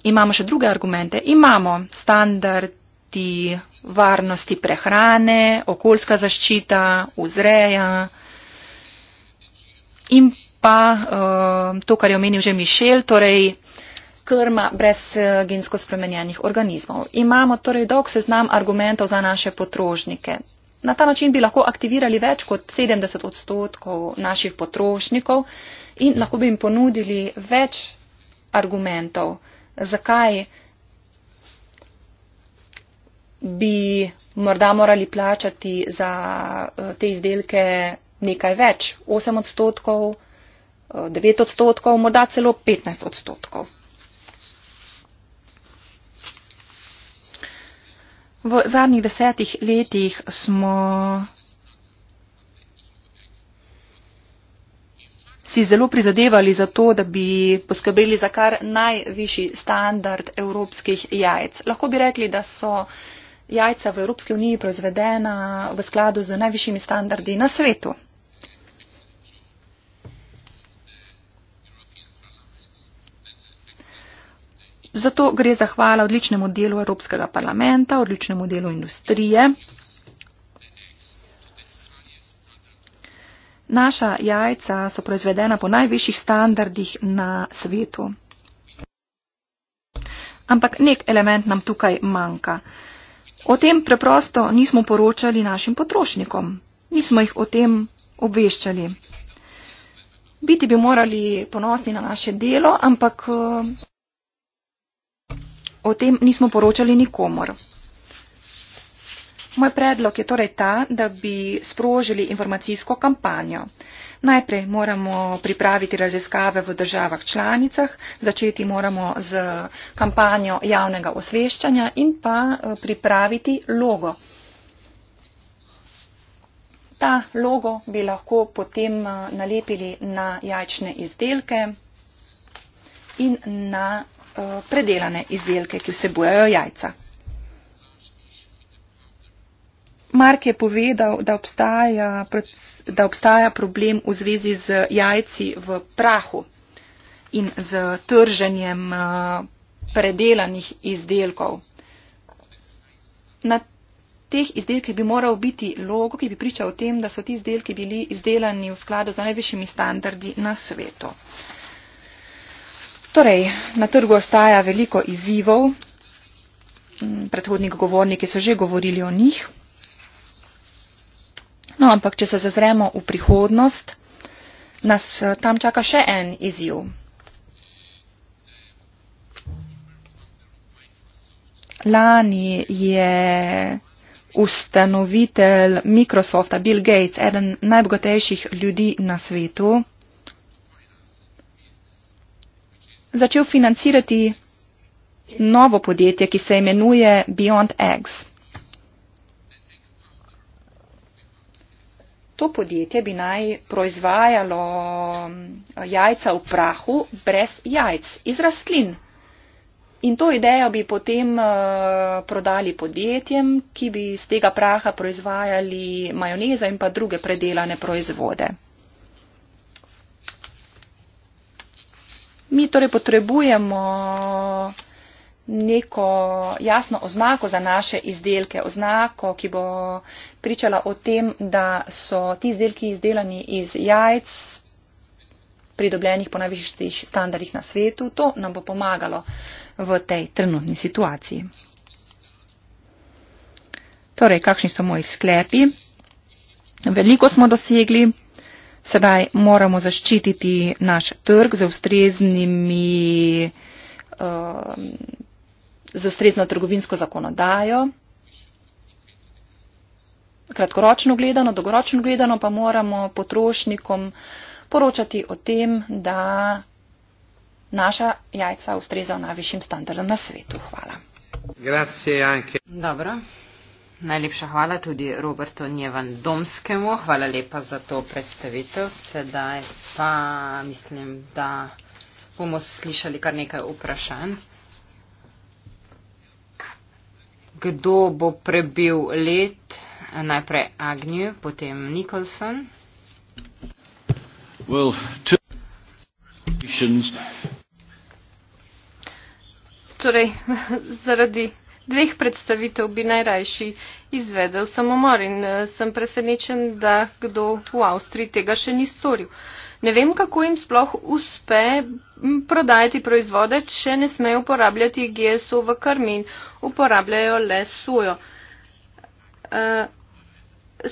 Imamo še druge argumente. Imamo standardi varnosti prehrane, okoljska zaščita, vzreja in pa uh, to, kar je omenil že Mišel, torej krma brez eh, gensko spremenjenih organizmov. Imamo torej dolg seznam argumentov za naše potrošnike. Na ta način bi lahko aktivirali več kot 70 odstotkov naših potrošnikov in lahko bi jim ponudili več argumentov, zakaj bi morda morali plačati za eh, te izdelke nekaj več, 8 odstotkov, 9 eh, odstotkov, morda celo 15 odstotkov. V zadnjih desetih letih smo si zelo prizadevali za to, da bi poskrbeli za kar najvišji standard evropskih jajc. Lahko bi rekli, da so jajca v Evropski uniji proizvedena v skladu z najvišjimi standardi na svetu. Zato gre zahvala odličnemu delu Evropskega parlamenta, odličnemu delu industrije. Naša jajca so proizvedena po najvišjih standardih na svetu. Ampak nek element nam tukaj manjka. O tem preprosto nismo poročali našim potrošnikom. Nismo jih o tem obveščali. Biti bi morali ponosni na naše delo, ampak. O tem nismo poročali nikomor. Moj predlog je torej ta, da bi sprožili informacijsko kampanjo. Najprej moramo pripraviti raziskave v državah članicah, začeti moramo z kampanjo javnega osveščanja in pa eh, pripraviti logo. Ta logo bi lahko potem eh, nalepili na jajčne izdelke in na Eh, predelane izdelke, ki vsebujejo jajca. Mark je povedal, da obstaja, da obstaja problem v zvezi z jajci v prahu in z trženjem eh, predelanih izdelkov. Na teh izdelkih bi moral biti logo, ki bi pričal o tem, da so ti izdelki bili izdelani v skladu z najvišjimi standardi na svetu. Torej, na trgu ostaja veliko izzivov, mm, predhodnik govorniki so že govorili o njih. No, ampak če se zazremo v prihodnost, nas eh, tam čaka še en izziv. Lani je ustanovitelj Microsofta Bill Gates, eden najbogatejših ljudi na svetu, začel financirati novo podjetje, ki se imenuje Beyond Eggs. To podjetje bi naj proizvajalo mm, jajca v prahu brez jajc, iz rastlin. In to idejo bi potem eh, prodali podjetjem, ki bi iz tega praha proizvajali majonezo in pa druge predelane proizvode. Mi torej potrebujemo neko jasno oznako za naše izdelke, oznako, ki bo pričala o tem, da so ti izdelki izdelani iz jajc, pridobljenih po najvišjih standardih na svetu. To nam bo pomagalo v tej trenutni situaciji. Torej, kakšni so moji sklepi? Veliko smo dosegli. Sedaj moramo zaščititi naš trg z ustreznimi. Uh, z ustrezno trgovinsko zakonodajo. Kratkoročno gledano, dolgoročno gledano pa moramo potrošnikom poročati o tem, da naša jajca ustrezajo najvišjim standardom na svetu. Hvala. Grazie anche. Dobro. Najlepša hvala tudi Robertu Njevandomskemu, hvala lepa za to predstavitev. Sedaj pa mislim, da bomo slišali kar nekaj vprašanj. Kdo bo prebil let? Najprej Agnew, potem Nicholson. Well, torej, zaradi dveh predstavitev bi najrajši izvedel samomor in eh, sem presenečen, da kdo v Avstriji tega še ni storil. Ne vem, kako jim sploh uspe prodajati proizvode, če ne smejo uporabljati GSO v karmin, uporabljajo le sojo. Eh,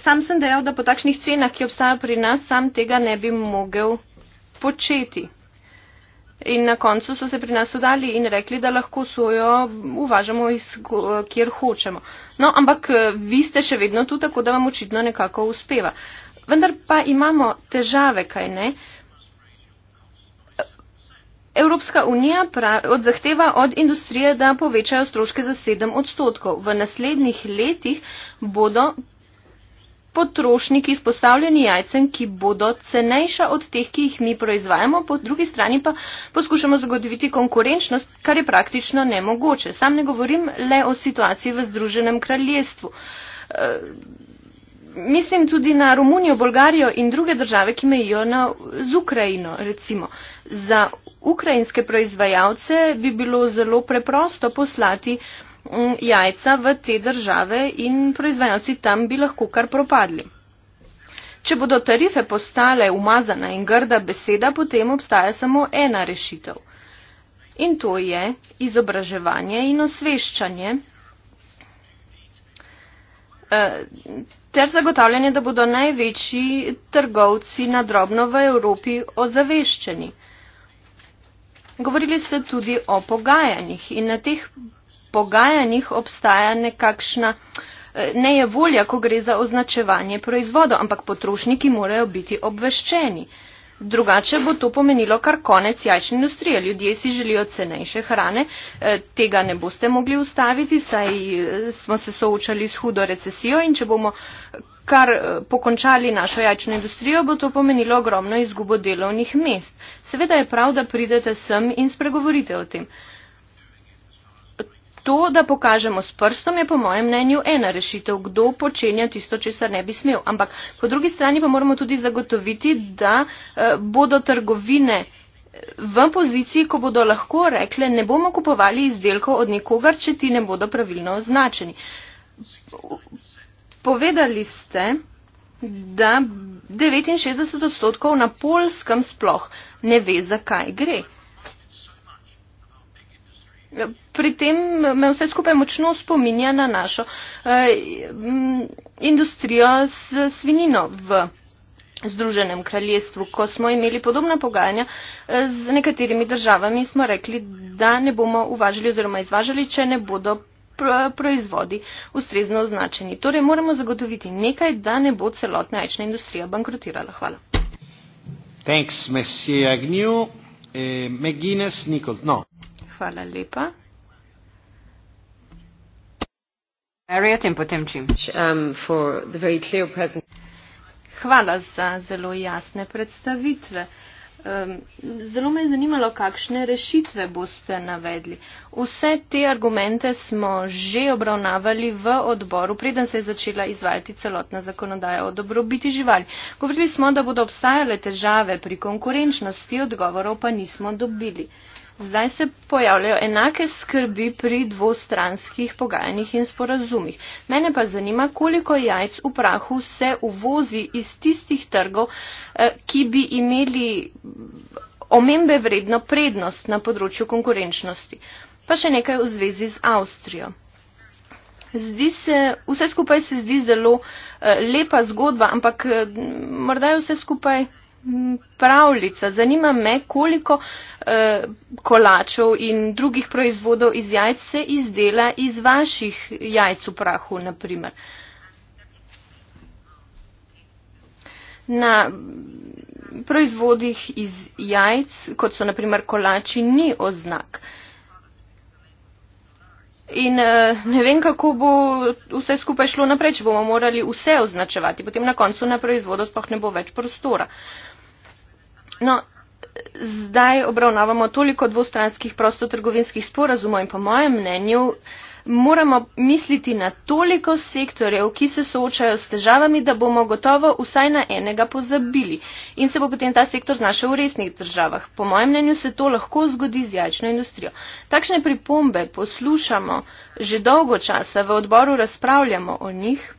sam sem dejal, da po takšnih cenah, ki obstajajo pri nas, sam tega ne bi mogel početi in na koncu so se pri nas odali in rekli, da lahko sojo uvažamo iz kjer hočemo. No, ampak eh, vi ste še vedno tu, tako da vam očitno nekako uspeva. Vendar pa imamo težave, kaj ne? Evropska unija odzahteva od industrije, da povečajo stroške za 7 odstotkov. V naslednjih letih bodo potrošniki izpostavljeni jajcem, ki bodo cenejša od teh, ki jih mi proizvajamo, po drugi strani pa poskušamo zagotoviti konkurenčnost, kar je praktično nemogoče. Sam ne govorim le o situaciji v Združenem kraljestvu. E, mislim tudi na Romunijo, Bolgarijo in druge države, ki mejijo na, z Ukrajino, recimo. Za ukrajinske proizvajalce bi bilo zelo preprosto poslati Mm, jajca v te države in proizvajalci tam bi lahko kar propadli. Če bodo tarife postale umazana in grda beseda, potem obstaja samo ena rešitev. In to je izobraževanje in osveščanje eh, ter zagotavljanje, da bodo največji trgovci na drobno v Evropi ozaveščeni. Govorili ste tudi o pogajanjih in na teh pogajanjih obstaja nekakšna eh, ne je volja, ko gre za označevanje proizvodov, ampak potrošniki morajo biti obveščeni. Drugače bo to pomenilo kar konec jajčne industrije. Ljudje si želijo cenejše hrane, eh, tega ne boste mogli ustaviti, saj eh, smo se soočali s hudo recesijo in če bomo kar pokončali našo jajčno industrijo, bo to pomenilo ogromno izgubo delovnih mest. Seveda je prav, da pridete sem in spregovorite o tem. To, da pokažemo s prstom, je po mojem mnenju ena rešitev, kdo počenja tisto, česar ne bi smel. Ampak po drugi strani pa moramo tudi zagotoviti, da eh, bodo trgovine eh, v poziciji, ko bodo lahko rekle, ne bomo kupovali izdelkov od nikogar, če ti ne bodo pravilno označeni. Povedali ste, da 69 odstotkov na polskem sploh ne ve, zakaj gre pri tem me vse skupaj močno spominja na našo eh, industrijo s svinino v Združenem kraljestvu, ko smo imeli podobna pogajanja eh, z nekaterimi državami, smo rekli, da ne bomo uvažali oziroma izvažali, če ne bodo proizvodi ustrezno označeni. Torej moramo zagotoviti nekaj, da ne bo celotna ječna industrija bankrotirala. Hvala. Thanks, Monsieur Agnew. Eh, McGuinness, Nicole. No. Hvala lepa. Marriott in potem Čimč. Um, for the very clear present. Hvala za zelo jasne predstavitve. Um, zelo me je zanimalo, kakšne rešitve boste navedli. Vse te argumente smo že obravnavali v odboru, preden se je začela izvajati celotna zakonodaja o dobrobiti živali. Govorili smo, da bodo obstajale težave pri konkurenčnosti, odgovorov pa nismo dobili. Zdaj se pojavljajo enake skrbi pri dvostranskih pogajanjih in sporazumih. Mene pa zanima, koliko jajc v prahu se uvozi iz tistih trgov, eh, ki bi imeli omembe vredno prednost na področju konkurenčnosti. Pa še nekaj v zvezi z Avstrijo. Zdi se, vse skupaj se zdi zelo eh, lepa zgodba, ampak eh, morda je vse skupaj pravljica. Zanima me, koliko eh, kolačev in drugih proizvodov iz jajc se izdela iz vaših jajc v prahu, naprimer. Na proizvodih iz jajc, kot so naprimer kolači, ni oznak. In eh, ne vem, kako bo vse skupaj šlo naprej, če bomo morali vse označevati. Potem na koncu na proizvodu sploh ne bo več prostora. Uh, No, zdaj obravnavamo toliko dvostranskih prostotrgovinskih sporazumov in po mojem mnenju moramo misliti na toliko sektorjev, ki se soočajo s težavami, da bomo gotovo vsaj na enega pozabili in se bo potem ta sektor znašel v resnih državah. Po mojem mnenju se to lahko zgodi z jajčno industrijo. Takšne pripombe poslušamo že dolgo časa, v odboru razpravljamo o njih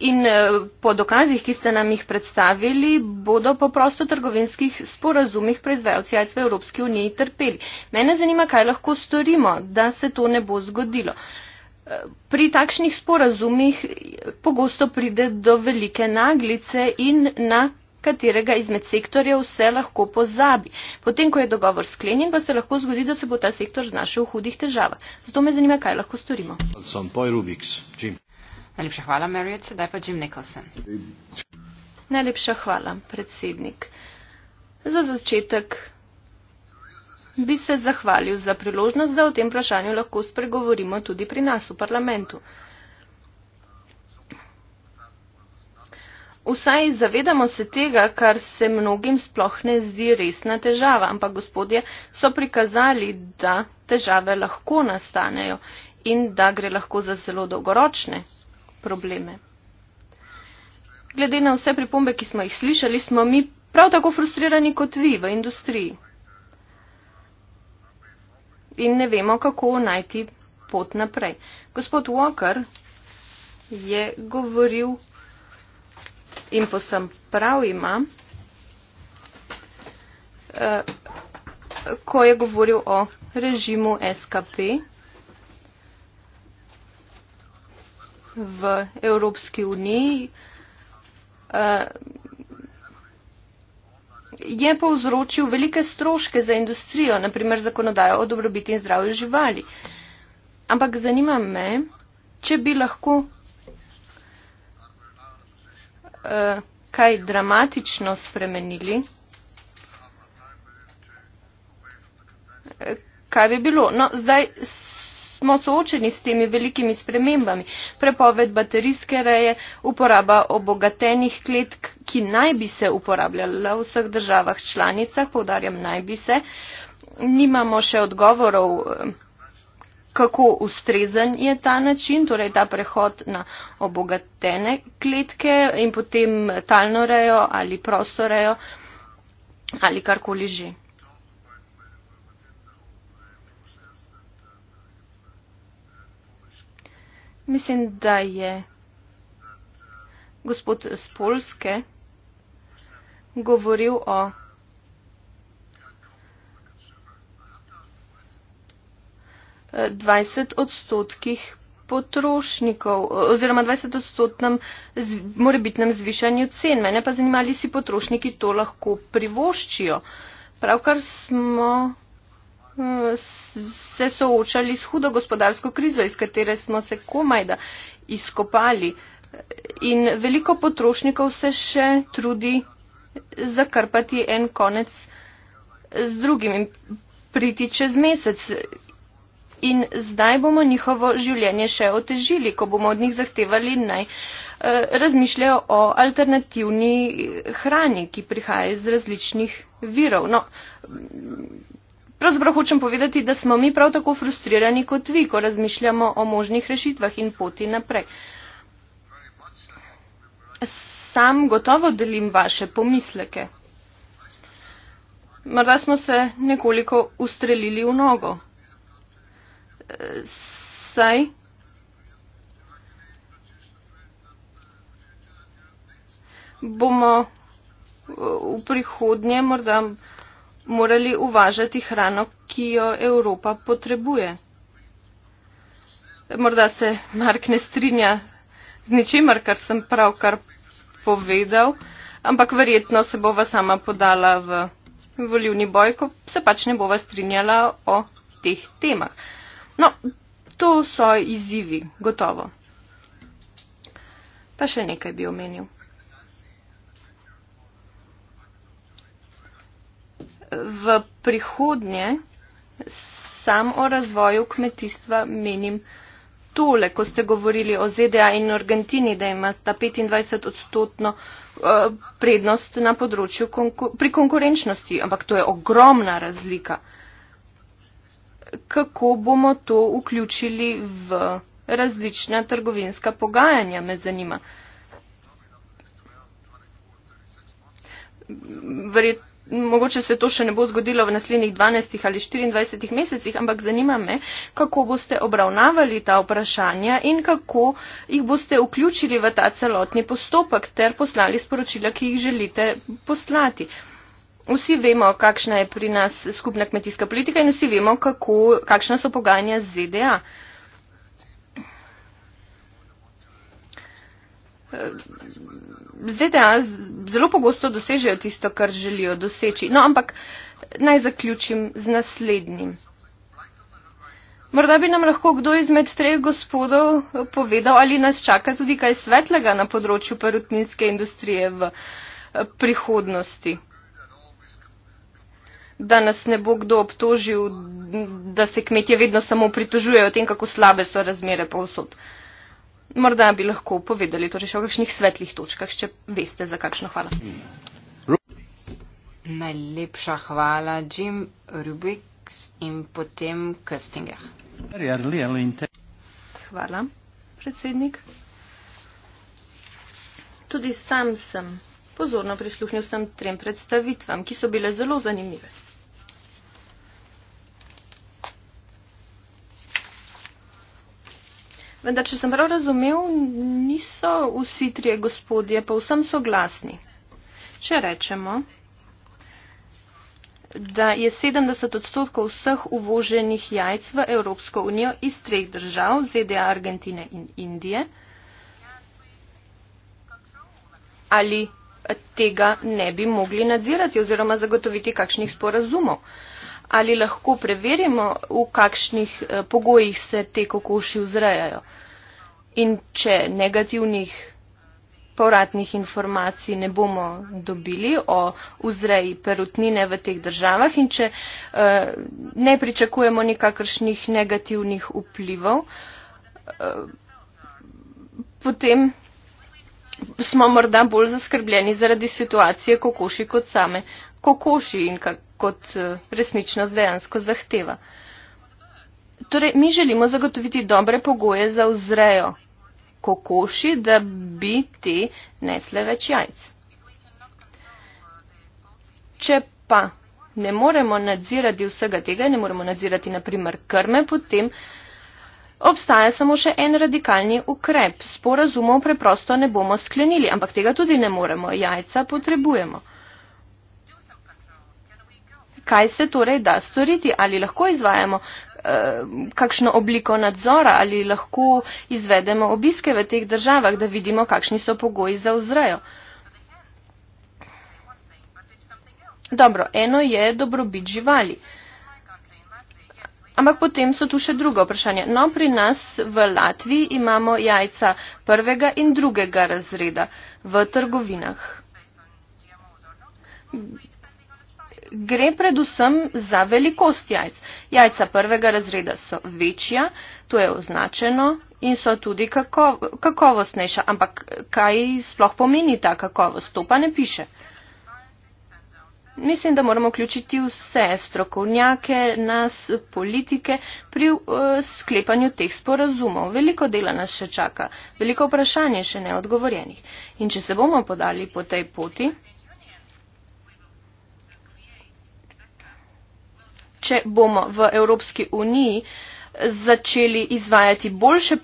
in eh, po dokazih, ki ste nam jih predstavili, bodo po prosto trgovinskih sporazumih proizvajalci jajc v Evropski uniji trpeli. Mene zanima, kaj lahko storimo, da se to ne bo zgodilo. Eh, pri takšnih sporazumih pogosto pride do velike naglice in na katerega izmed sektorjev se lahko pozabi. Potem, ko je dogovor sklenjen, pa se lahko zgodi, da se bo ta sektor znašel v hudih težavah. Zato me zanima, kaj lahko storimo. Najlepša hvala, Marriott. Sedaj pa Jim Nicholson. Najlepša hvala, predsednik. Za začetek bi se zahvalil za priložnost, da o tem vprašanju lahko spregovorimo tudi pri nas v parlamentu. Vsaj zavedamo se tega, kar se mnogim sploh ne zdi resna težava, ampak gospodje so prikazali, da težave lahko nastanejo in da gre lahko za zelo dolgoročne probleme. Glede na vse pripombe, ki smo jih slišali, smo mi prav tako frustrirani kot vi v industriji. In ne vemo, kako najti pot naprej. Gospod Walker je govoril in posem prav ima, eh, ko je govoril o režimu SKP, v Evropski uniji eh, je povzročil velike stroške za industrijo, naprimer zakonodajo o dobrobiti in zdravju živali. Ampak zanima me, če bi lahko uh, kaj dramatično spremenili, eh, kaj bi bilo. No, zdaj smo soočeni s temi velikimi spremembami. Prepoved baterijske reje, uporaba obogatenih kletk, ki naj bi se uporabljala v vseh državah članicah, povdarjam naj bi se, nimamo še odgovorov kako ustrezen je ta način, torej ta prehod na obogatene kletke in potem talno rejo ali prostorejo ali karkoli že. Mislim, da je gospod z Polske govoril o dvajset odstotkih potrošnikov oziroma dvajset odstotnem morebitnem zvišanju cen. Mene pa zanima, ali si potrošniki to lahko privoščijo. Pravkar smo se soočali s hudo gospodarsko krizo, iz katere smo se komajda izkopali. In veliko potrošnikov se še trudi zakrpati en konec z drugim in priti čez mesec. In zdaj bomo njihovo življenje še otežili, ko bomo od njih zahtevali naj eh, razmišljajo o alternativni hrani, ki prihaja iz različnih virov. No, Pravzaprav hočem povedati, da smo mi prav tako frustrirani kot vi, ko razmišljamo o možnih rešitvah in poti naprej. Sam gotovo delim vaše pomisleke. Morda smo se nekoliko ustrelili v nogo. Saj. Bomo v prihodnje morda morali uvažati hrano, ki jo Evropa potrebuje. Morda se Mark ne strinja z ničemer, kar sem pravkar povedal, ampak verjetno se bova sama podala v voljivni boj, ko se pač ne bova strinjala o teh temah. No, to so izzivi, gotovo. Pa še nekaj bi omenil. v prihodnje sam o razvoju kmetijstva menim tole, ko ste govorili o ZDA in Argentini, da ima ta 25 odstotno eh, prednost na področju konku pri konkurenčnosti, ampak to je ogromna razlika. Kako bomo to vključili v različna trgovinska pogajanja, me zanima. Verjetno mogoče se to še ne bo zgodilo v naslednjih 12 ali 24 mesecih, ampak zanima me, kako boste obravnavali ta vprašanja in kako jih boste vključili v ta celotni postopek ter poslali sporočila, ki jih želite poslati. Vsi vemo, kakšna je pri nas skupna kmetijska politika in vsi vemo, kako, kakšna so pogajanja z ZDA. Uh, ZDA zelo pogosto dosežejo tisto, kar želijo doseči. No, ampak naj zaključim z naslednjim. Morda bi nam lahko kdo izmed treh gospodov povedal, ali nas čaka tudi kaj svetlega na področju perutninske industrije v eh, prihodnosti. Da nas ne bo kdo obtožil, da se kmetje vedno samo pritožujejo o tem, kako slabe so razmere povsod. Uh, morda bi lahko povedali torej še o kakšnih svetlih točkah, če veste, za kakšno hvala. Najlepša hvala, Jim Rubiks in potem Köstinger. Hvala, predsednik. Tudi sam sem pozorno prisluhnil sem trem predstavitvam, ki so bile zelo zanimive. Vendar, če sem prav razumel, niso vsi trije gospodje pa vsem soglasni. Če rečemo, da je 70 odstotkov vseh uvoženih jajc v Evropsko unijo iz treh držav, ZDA, Argentine in Indije, ali tega ne bi mogli nadzirati oziroma zagotoviti kakšnih sporazumov ali lahko preverimo, v kakšnih eh, pogojih se te kokoši vzrejajo. In če negativnih povratnih informacij ne bomo dobili o vzreji perutnine v teh državah in če eh, ne pričakujemo nikakršnih negativnih vplivov, eh, potem smo morda bolj zaskrbljeni zaradi situacije kokoši kot same kokoši in kak, kot eh, resničnost dejansko zahteva. Torej, mi želimo zagotoviti dobre pogoje za vzrejo kokoši, da bi te nesle več jajc. Če pa ne moremo nadzirati vsega tega, ne moremo nadzirati naprimer krme, potem obstaja samo še en radikalni ukrep. Sporazumov preprosto ne bomo sklenili, ampak tega tudi ne moremo. Jajca potrebujemo kaj se torej da storiti, ali lahko izvajamo eh, kakšno obliko nadzora ali lahko izvedemo obiske v teh državah, da vidimo, kakšni so pogoji za vzrajo. Dobro, eno je dobrobit živali. Ampak potem so tu še druga vprašanja. No, pri nas v Latviji imamo jajca prvega in drugega razreda v trgovinah gre predvsem za velikost jajc. Jajca prvega razreda so večja, to je označeno in so tudi kako, kakovostnejša. Ampak kaj sploh pomeni ta kakovost? To pa ne piše. Mislim, da moramo vključiti vse strokovnjake, nas, politike pri uh, sklepanju teh sporazumov. Veliko dela nas še čaka, veliko vprašanj je še neodgovorjenih. In če se bomo podali po tej poti, če bomo v Evropski uniji začeli izvajati boljše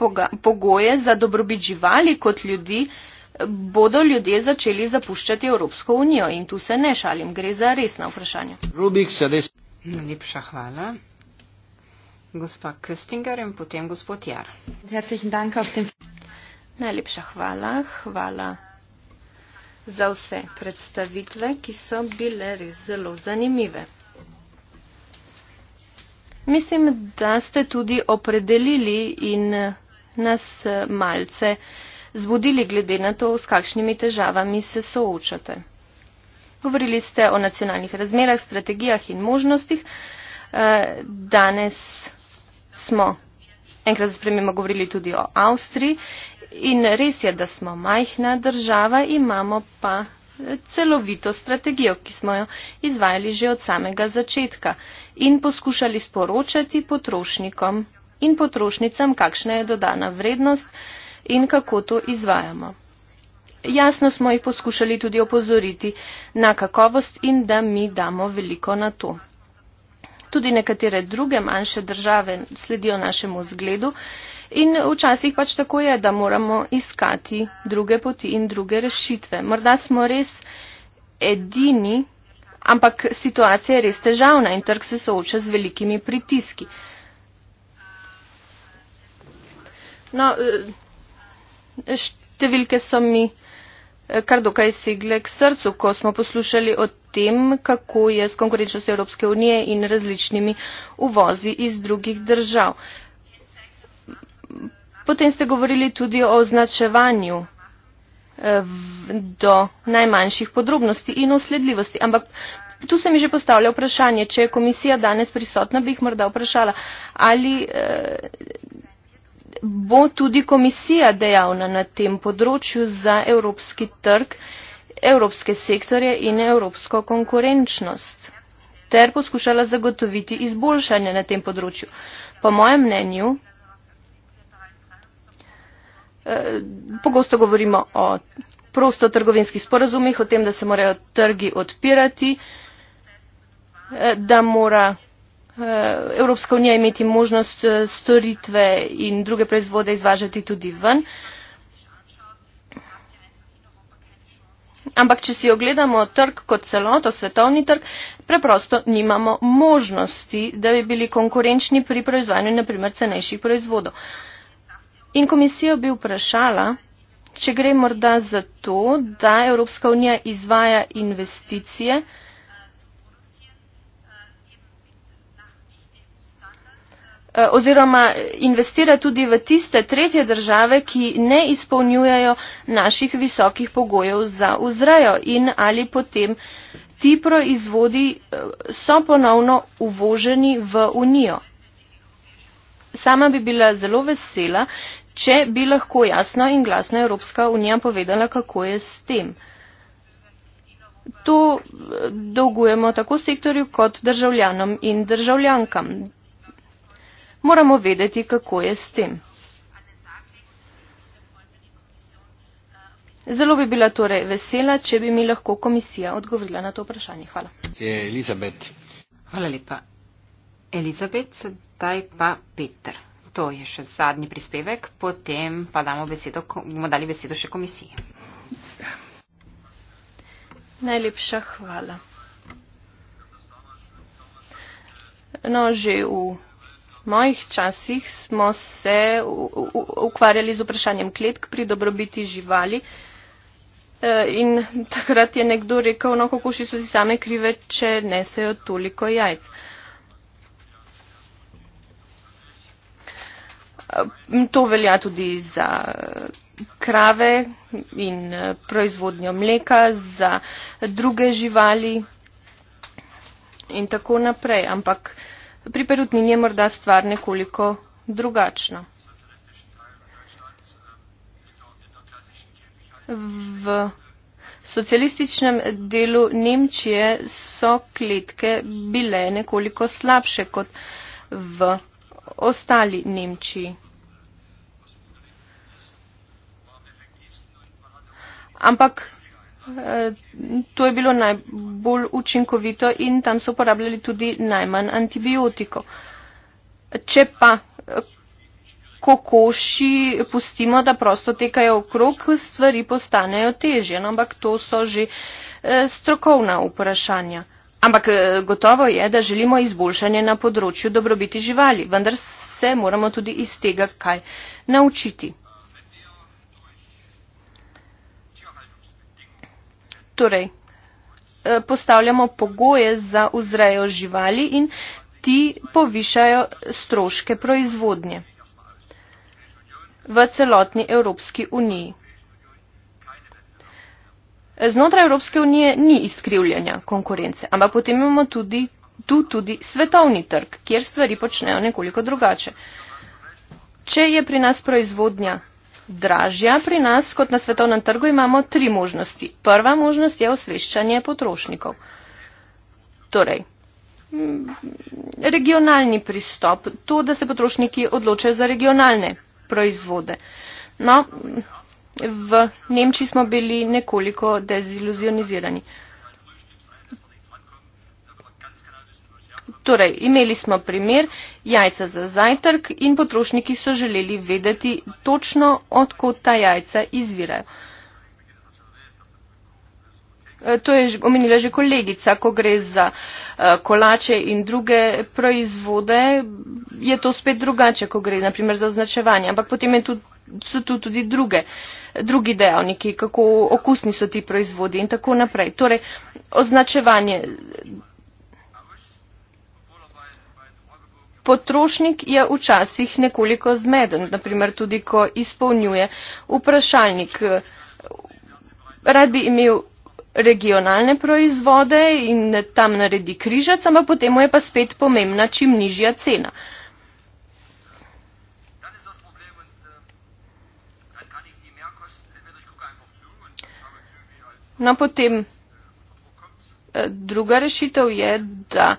pogoje za dobrobit živali kot ljudi, bodo ljudje začeli zapuščati Evropsko unijo. In tu se ne šalim, gre za resna vprašanja. Najlepša hvala. Gospa Köstinger in potem gospod Jar. Najlepša hvala. Hvala za vse predstavitve, ki so bile res zelo zanimive. Mislim, da ste tudi opredelili in nas malce zbudili glede na to, s kakšnimi težavami se soočate. Govorili ste o nacionalnih razmerah, strategijah in možnostih. Eh, danes smo enkrat za premjema govorili tudi o Avstriji in res je, da smo majhna država, imamo pa celovito strategijo, ki smo jo izvajali že od samega začetka in poskušali sporočati potrošnikom in potrošnicam, kakšna je dodana vrednost in kako to izvajamo. Jasno smo jih poskušali tudi opozoriti na kakovost in da mi damo veliko na to tudi nekatere druge manjše države sledijo našemu zgledu in včasih pač tako je, da moramo iskati druge poti in druge rešitve. Morda smo res edini, ampak situacija je res težavna in trg se sooča z velikimi pritiski. No, eh, številke so mi eh, kar dokaj segle k srcu, ko smo poslušali o tem, kako je s konkurenčnostjo Evropske unije in različnimi uvozi iz drugih držav. Potem ste govorili tudi o označevanju eh, do najmanjših podrobnosti in osledljivosti. Ampak tu se mi že postavlja vprašanje, če je komisija danes prisotna, bi jih morda vprašala, ali eh, bo tudi komisija dejavna na tem področju za evropski trg evropske sektorje in evropsko konkurenčnost ter poskušala zagotoviti izboljšanje na tem področju. Po mojem mnenju, eh, pogosto govorimo o prosto trgovinskih sporazumih, o tem, da se morajo trgi odpirati, eh, da mora eh, Evropska unija imeti možnost storitve in druge proizvode izvažati tudi ven. ampak če si ogledamo trg kot celoto, svetovni trg, preprosto nimamo možnosti, da bi bili konkurenčni pri proizvajanju naprimer cenejših proizvodov. In komisijo bi vprašala, če gre morda za to, da Evropska unija izvaja investicije, Eh, oziroma investira tudi v tiste tretje države, ki ne izpolnjujejo naših visokih pogojev za vzrajo in ali potem ti proizvodi eh, so ponovno uvoženi v Unijo. Sama bi bila zelo vesela, če bi lahko jasno in glasno Evropska unija povedala, kako je s tem. To eh, dolgujemo tako sektorju kot državljanom in državljankam moramo vedeti, kako je s tem. Zelo bi bila torej vesela, če bi mi lahko komisija odgovorila na to vprašanje. Hvala. Elizabet. Hvala lepa. Elizabet, zdaj pa Peter. To je še zadnji prispevek, potem pa damo besedo, bomo dali besedo še komisiji. Najlepša hvala. No, že v mojih časih smo se ukvarjali z vprašanjem kletk pri dobrobiti živali. E, in takrat je nekdo rekel, no, kokoši so si same krive, če nesejo toliko jajc. E, to velja tudi za e, krave in proizvodnjo mleka, za druge živali in tako naprej. Ampak uh, Pri perutnini je morda stvar nekoliko drugačna. V socialističnem delu Nemčije so kletke bile nekoliko slabše kot v ostali Nemčiji. Ampak Eh, to je bilo najbolj učinkovito in tam so uporabljali tudi najmanj antibiotiko. Če pa eh, kokoši pustimo, da prosto tekajo okrog, stvari postanejo težje. No, ampak to so že eh, strokovna vprašanja. Ampak gotovo je, da želimo izboljšanje na področju dobrobiti živali, vendar se moramo tudi iz tega kaj naučiti. Torej, eh, postavljamo pogoje za vzrejo živali in ti povišajo stroške proizvodnje v celotni Evropski uniji. Znotraj Evropske unije ni izkrivljanja konkurence, ampak potem imamo tudi, tu tudi svetovni trg, kjer stvari počnejo nekoliko drugače. Če je pri nas proizvodnja dražja pri nas kot na svetovnem trgu, imamo tri možnosti. Prva možnost je osveščanje potrošnikov. Torej, mm, regionalni pristop, to, da se potrošniki odločajo za regionalne proizvode. No, v Nemčiji smo bili nekoliko deziluzionizirani. Torej, imeli smo primer jajca za zajtrk in potrošniki so želeli vedeti točno, odkot ta jajca izvirajo. E, to je omenila že kolegica, ko gre za e, kolače in druge proizvode, je to spet drugače, ko gre naprimer za označevanje, ampak potem je tudi so tu tudi druge, drugi dejavniki, kako okusni so ti proizvodi in tako naprej. Torej, označevanje potrošnik je včasih nekoliko zmeden, naprimer tudi, ko izpolnjuje vprašalnik. Rad bi imel regionalne proizvode in tam naredi križec, ampak potem mu je pa spet pomembna čim nižja cena. No, potem eh, druga rešitev je, da.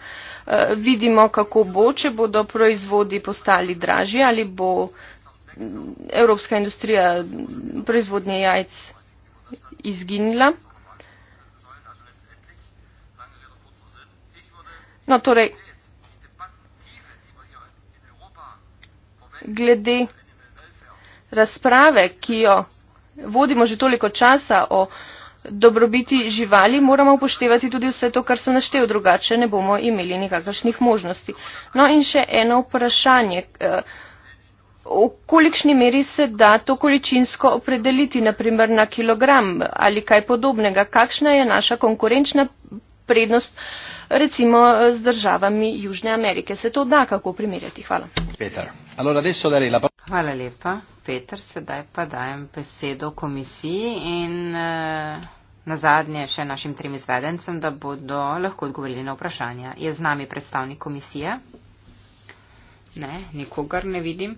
Eh, vidimo, kako bo, če bodo proizvodi postali dražji ali bo mm, evropska industrija proizvodnje jajc izginila. No, torej, glede razprave, ki jo vodimo že toliko časa o dobrobiti živali, moramo upoštevati tudi vse to, kar sem naštel, drugače ne bomo imeli nikakršnih možnosti. No in še eno vprašanje. Eh, v kolikšni meri se da to količinsko opredeliti, naprimer na kilogram ali kaj podobnega? Kakšna je naša konkurenčna prednost? recimo z državami Južne Amerike. Se to da kako primerjati? Hvala. Peter. Allora, adesso darei la... Hvala lepa, Peter. Sedaj pa dajem besedo komisiji in uh na zadnje še našim trem izvedencem, da bodo lahko odgovorili na vprašanja. Je z nami predstavnik komisije? Ne, nikogar ne vidim.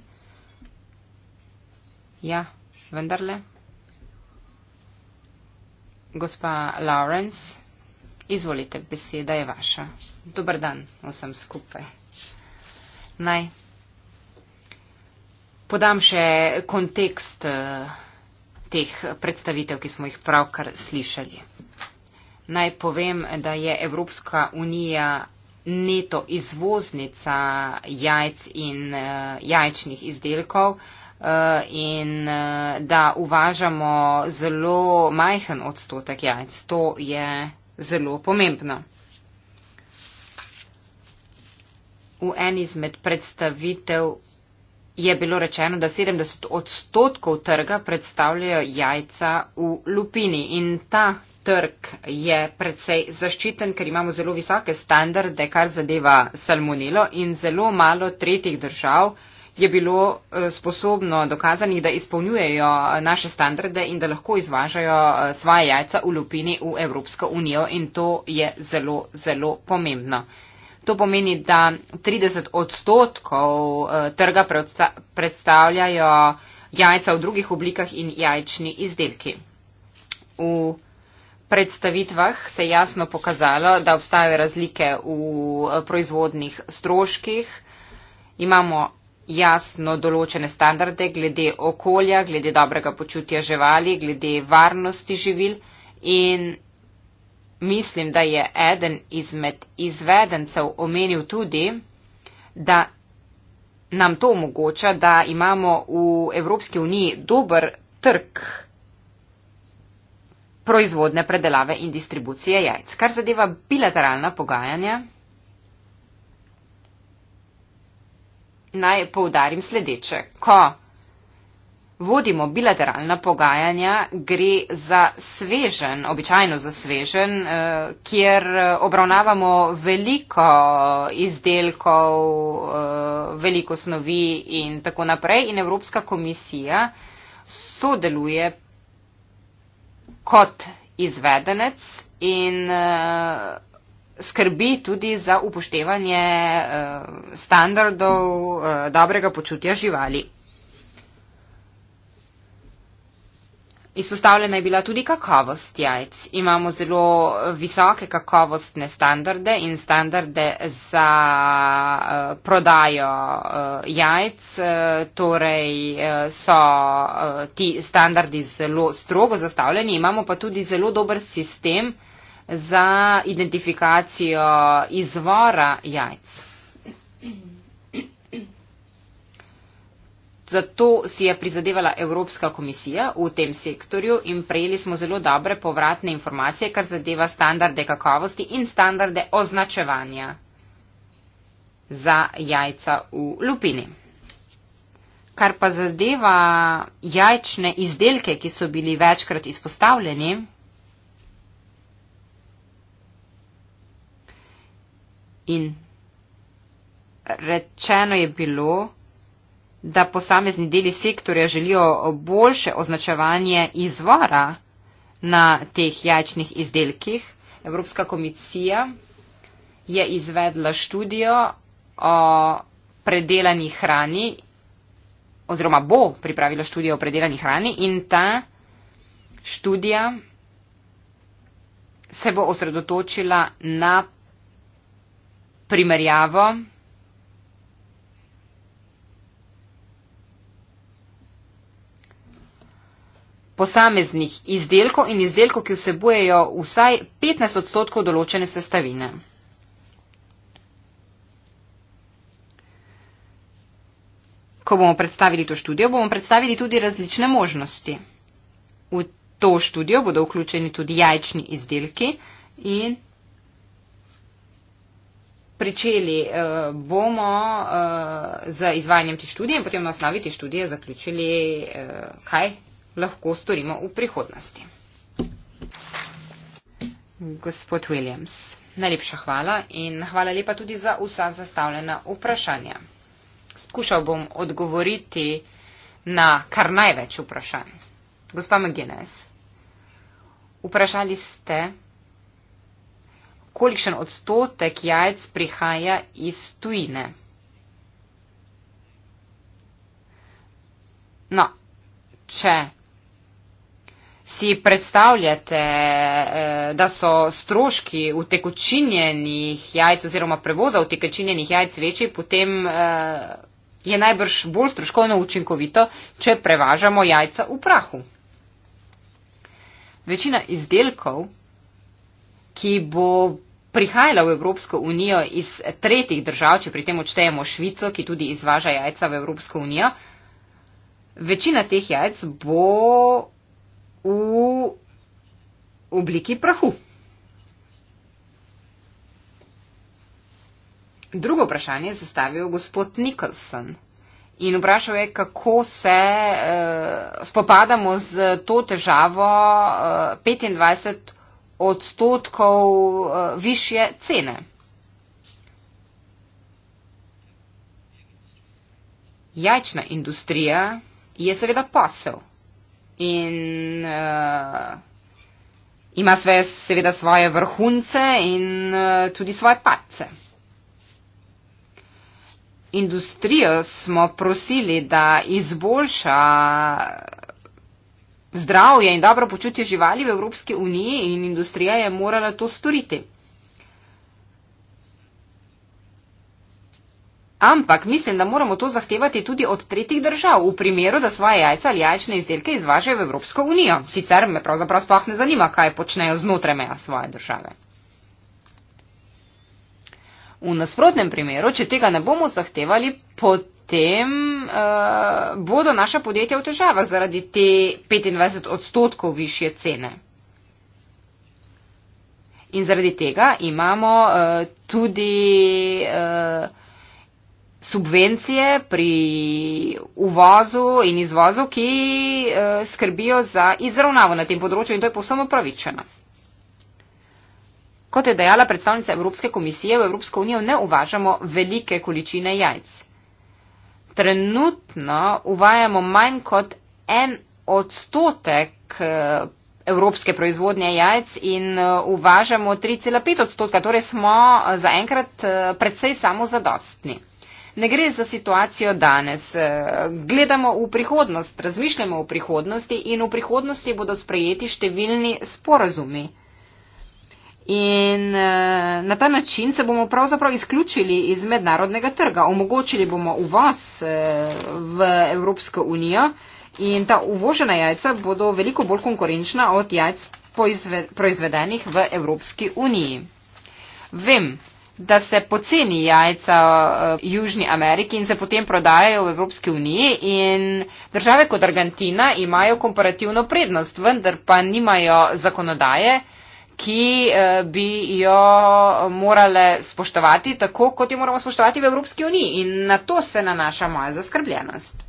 Ja, vendarle. Gospa Lawrence, izvolite, beseda je vaša. Dobar dan vsem skupaj. Naj podam še kontekst. Uh, teh predstavitev, ki smo jih pravkar slišali. Naj povem, da je Evropska unija neto izvoznica jajc in eh, jajčnih izdelkov eh, in eh, da uvažamo zelo majhen odstotek jajc. To je zelo pomembno. V eni izmed predstavitev je bilo rečeno, da 70 odstotkov trga predstavljajo jajca v lupini in ta trg je predvsej zaščiten, ker imamo zelo visoke standarde, kar zadeva salmonilo in zelo malo tretjih držav je bilo eh, sposobno dokazanih, da izpolnjujejo eh, naše standarde in da lahko izvažajo eh, svoje jajca v lupini v Evropsko unijo in to je zelo, zelo pomembno. To pomeni, da 30 odstotkov eh, trga predstavljajo jajca v drugih oblikah in jajčni izdelki. V predstavitvah se je jasno pokazalo, da obstajajo razlike v eh, proizvodnih stroških. Imamo jasno določene standarde glede okolja, glede dobrega počutja živali, glede varnosti živil in mislim, da je eden izmed izvedencev omenil tudi, da nam to omogoča, da imamo v Evropski uniji dober trg proizvodne predelave in distribucije jajc. Kar zadeva bilateralna pogajanja, naj poudarim sledeče. Ko vodimo bilateralna pogajanja, gre za svežen, običajno za svežen, eh, kjer eh, obravnavamo veliko izdelkov, eh, veliko snovi in tako naprej. In Evropska komisija sodeluje kot izvedenec in skrbi tudi za upoštevanje standardov dobrega počutja živali. Izpostavljena je bila tudi kakovost jajc. Imamo zelo visoke kakovostne standarde in standarde za uh, prodajo uh, jajc. Uh, torej uh, so uh, ti standardi zelo strogo zastavljeni. Imamo pa tudi zelo dober sistem za identifikacijo izvora jajc. Zato si je prizadevala Evropska komisija v tem sektorju in prejeli smo zelo dobre povratne informacije, kar zadeva standarde kakovosti in standarde označevanja za jajca v lupini. Kar pa zadeva jajčne izdelke, ki so bili večkrat izpostavljeni, in rečeno je bilo, da posamezni deli sektorja želijo boljše označevanje izvora na teh jačnih izdelkih. Evropska komisija je izvedla študijo o predelani hrani oziroma bo pripravila študijo o predelani hrani in ta študija se bo osredotočila na primerjavo posameznih izdelkov in izdelkov, ki vsebujejo vsaj 15 odstotkov določene sestavine. Ko bomo predstavili to študijo, bomo predstavili tudi različne možnosti. V to študijo bodo vključeni tudi jajčni izdelki in pričeli eh, bomo eh, z izvajanjem te študije in potem na osnovi te študije zaključili eh, kaj lahko storimo v prihodnosti. Gospod Williams, najlepša hvala in hvala lepa tudi za vsa zastavljena vprašanja. Skušal bom odgovoriti na kar največ vprašanj. Gospa McGuinness, vprašali ste, kolikšen odstotek jajc prihaja iz tujine. No, če si predstavljate, eh, da so stroški utekočinjenih jajc oziroma prevoza utekočinjenih jajc večji, potem eh, je najbrž bolj stroškovno učinkovito, če prevažamo jajca v prahu. Večina izdelkov, ki bo prihajala v Evropsko unijo iz tretjih držav, če pri tem odštejemo Švico, ki tudi izvaža jajca v Evropsko unijo, večina teh jajc bo v obliki prahu. Drugo vprašanje je zastavil gospod Nicholson in vprašal je, kako se eh, spopadamo z to težavo eh, 25 odstotkov eh, više cene. Jajčna industrija je seveda posel in uh, ima sve, seveda svoje vrhunce in uh, tudi svoje pace. Industrijo smo prosili, da izboljša zdravje in dobro počutje živali v Evropski uniji in industrija je morala to storiti. Ampak mislim, da moramo to zahtevati tudi od tretjih držav, v primeru, da svoje jajca ali jajčne izdelke izvažajo v Evropsko unijo. Sicer me pravzaprav sploh ne zanima, kaj počnejo znotraj meja svoje države. V nasprotnem primeru, če tega ne bomo zahtevali, potem uh, bodo naša podjetja v težavah zaradi te 25 odstotkov više cene. In zaradi tega imamo uh, tudi. Uh, subvencije pri uvozu in izvozu, ki eh, skrbijo za izravnavo na tem področju in to je posebno pravičeno. Kot je dejala predstavnica Evropske komisije, v Evropsko unijo ne uvažamo velike količine jajc. Trenutno uvajamo manj kot en odstotek eh, evropske proizvodnje jajc in eh, uvažamo 3,5 odstotka, torej smo zaenkrat predvsej samozadostni ne gre za situacijo danes. Eh, gledamo v prihodnost, razmišljamo o prihodnosti in v prihodnosti bodo sprejeti številni sporazumi. In eh, na ta način se bomo pravzaprav izključili iz mednarodnega trga. Omogočili bomo uvoz eh, v Evropsko unijo in ta uvožena jajca bodo veliko bolj konkurenčna od jajc proizvedenih v Evropski uniji. Vem, da se poceni jajca v eh, Južni Ameriki in se potem prodajajo v Evropski uniji in države kot Argentina imajo komparativno prednost, vendar pa nimajo zakonodaje, ki eh, bi jo morale spoštovati tako, kot jo moramo spoštovati v Evropski uniji in na to se nanaša moja zaskrbljenost.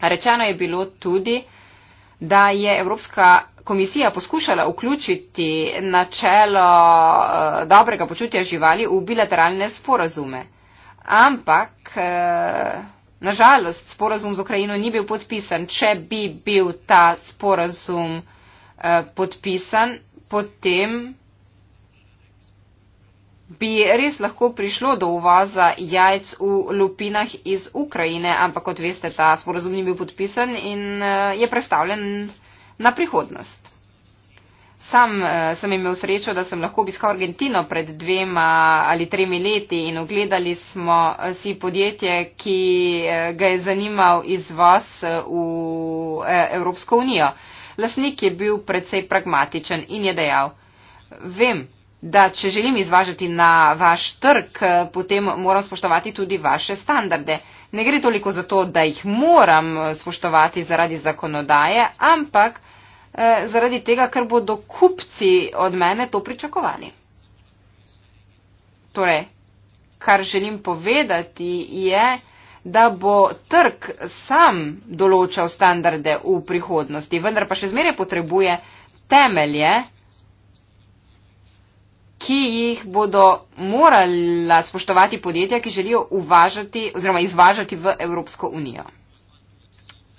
Rečeno je bilo tudi, da je Evropska komisija poskušala vključiti načelo eh, dobrega počutja živali v bilateralne sporazume. Ampak, eh, nažalost, sporazum z Ukrajino ni bil podpisan. Če bi bil ta sporazum eh, podpisan, potem bi res lahko prišlo do uvoza jajc v lupinah iz Ukrajine, ampak kot veste, ta sporazum ni bil podpisan in je predstavljen na prihodnost. Sam eh, sem imel srečo, da sem lahko obiskal Argentino pred dvema ali tremi leti in ogledali smo eh, si podjetje, ki eh, ga je zanimal izvoz eh, v eh, Evropsko unijo. Lasnik je bil precej pragmatičen in je dejal, vem, da če želim izvažati na vaš trg, eh, potem moram spoštovati tudi vaše standarde ne gre toliko za to, da jih moram eh, spoštovati zaradi zakonodaje, ampak eh, zaradi tega, ker bodo kupci od mene to pričakovali. Torej, kar želim povedati je, da bo trg sam določal standarde v prihodnosti, vendar pa še zmeraj potrebuje temelje, ki jih bodo morala spoštovati podjetja, ki želijo uvažati oziroma izvažati v Evropsko unijo.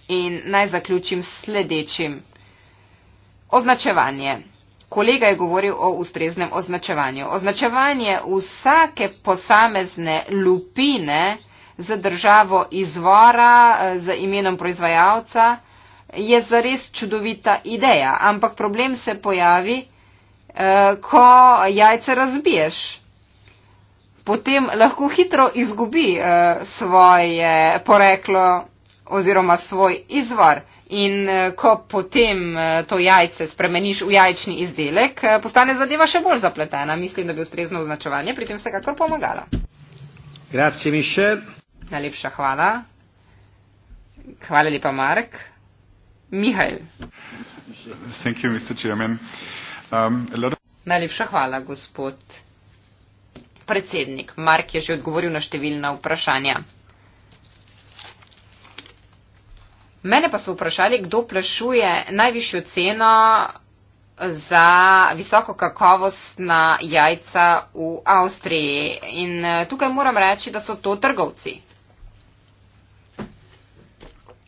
In naj zaključim s sledečim. Označevanje. Kolega je govoril o ustreznem označevanju. Označevanje vsake posamezne lupine z državo izvora, z imenom proizvajalca, je zares čudovita ideja, ampak problem se pojavi, Eh, ko jajce razbiješ, potem lahko hitro izgubi eh, svoje poreklo oziroma svoj izvor. In eh, ko potem to jajce spremeniš v jajčni izdelek, postane zadeva še bolj zapletena. Mislim, da bi ustrezno označevanje pri tem vsekakor pomagalo. Grazie, Michel. Najlepša hvala. Hvala lepa, Mark. Mihajl. Thank you, Mr. Chairman. Uh, Um, Najlepša hvala, gospod predsednik. Mark je že odgovoril na številna vprašanja. Mene pa so vprašali, kdo plašuje najvišjo ceno za visoko kakovostna jajca v Avstriji. In eh, tukaj moram reči, da so to trgovci.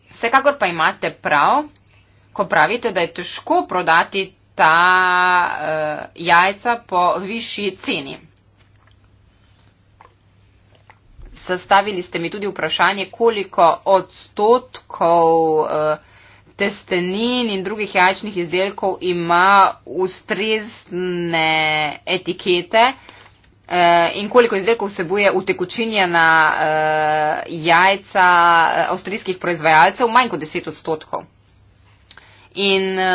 Vsekakor pa imate prav, ko pravite, da je težko prodati ta uh, jajca po višji ceni. Sestavili ste mi tudi vprašanje, koliko odstotkov uh, testenin in drugih jajčnih izdelkov ima ustrezne etikete uh, in koliko izdelkov vsebuje utekočinjena uh, jajca avstrijskih proizvajalcev, manj kot 10 odstotkov. In uh,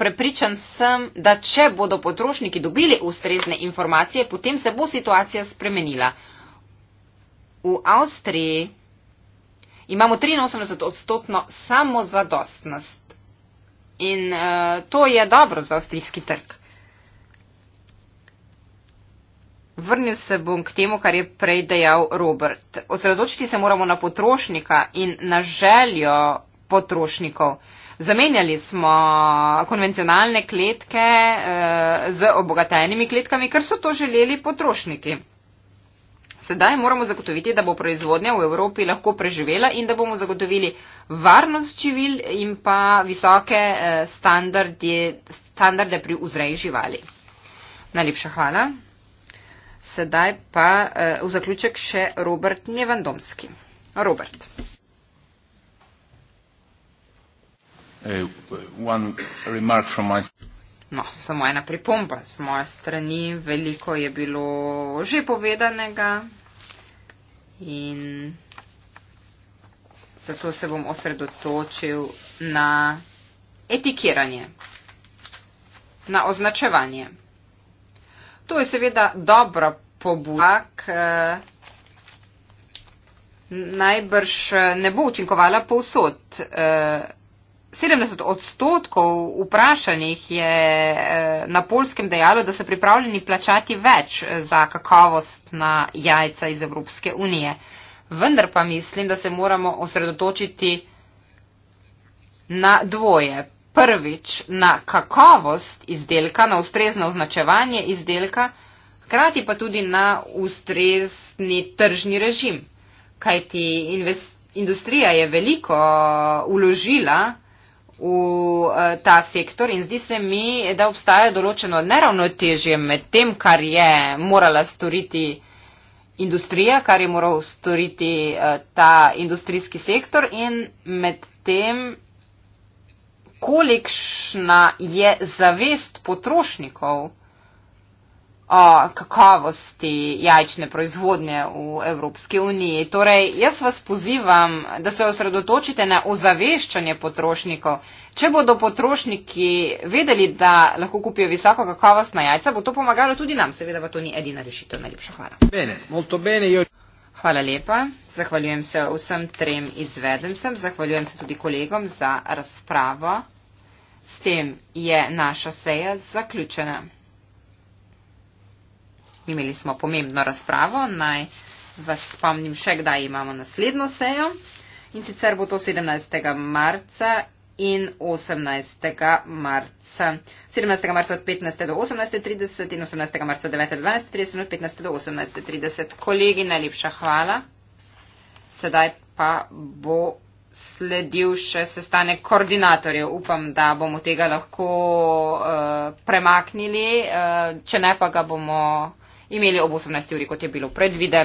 prepričan sem, da če bodo potrošniki dobili ustrezne informacije, potem se bo situacija spremenila. V Avstriji imamo 83 odstotno samozadostnost in uh, to je dobro za avstrijski trg. Vrnil se bom k temu, kar je prej dejal Robert. Osredotočiti se moramo na potrošnika in na željo potrošnikov. Uh, Zamenjali smo konvencionalne kletke eh, z obogatenimi kletkami, ker so to želeli potrošniki. Sedaj moramo zagotoviti, da bo proizvodnja v Evropi lahko preživela in da bomo zagotovili varnost živil in pa visoke eh, standarde, standarde pri vzreji živali. Najlepša hvala. Sedaj pa eh, v zaključek še Robert Njevandomski. Robert. Eh, no, samo ena pripomba z moje strani. Veliko je bilo že povedanega in zato se bom osredotočil na etikiranje, na označevanje. To je seveda dobra pobuda, k, eh, najbrž ne bo učinkovala povsod. Eh, 70 odstotkov vprašanih je eh, na polskem dejalo, da so pripravljeni plačati več eh, za kakovost na jajca iz Evropske unije. Vendar pa mislim, da se moramo osredotočiti na dvoje. Prvič, na kakovost izdelka, na ustrezno označevanje izdelka, krati pa tudi na ustrezni tržni režim. Kajti industrija je veliko uložila, eh, v eh, ta sektor in zdi se mi, da obstaja določeno neravnotežje med tem, kar je morala storiti industrija, kar je moral storiti eh, ta industrijski sektor in med tem, kolikšna je zavest potrošnikov kakovosti jajčne proizvodnje v Evropski uniji. Torej, jaz vas pozivam, da se osredotočite na ozaveščanje potrošnikov. Če bodo potrošniki vedeli, da lahko kupijo visoko kakovostna jajca, bo to pomagalo tudi nam. Seveda pa to ni edina rešitev. Najlepša hvala. Bene, molto bene, jo... Hvala lepa. Zahvaljujem se vsem trem izvedencem. Zahvaljujem se tudi kolegom za razpravo. S tem je naša seja zaključena. Imeli smo pomembno razpravo. Naj vas spomnim še, kdaj imamo naslednjo sejo. In sicer bo to 17. marca in 18. marca. 17. marca od 15. do 18.30 in 18. marca od 9. do 12.30 in od 15. do 18.30. Kolegi, najlepša hvala. Sedaj pa bo sledil še sestanek koordinatorjev. Upam, da bomo tega lahko uh, premaknili, uh, če ne pa ga bomo imeli ob 18. uri, kot je bilo predviden.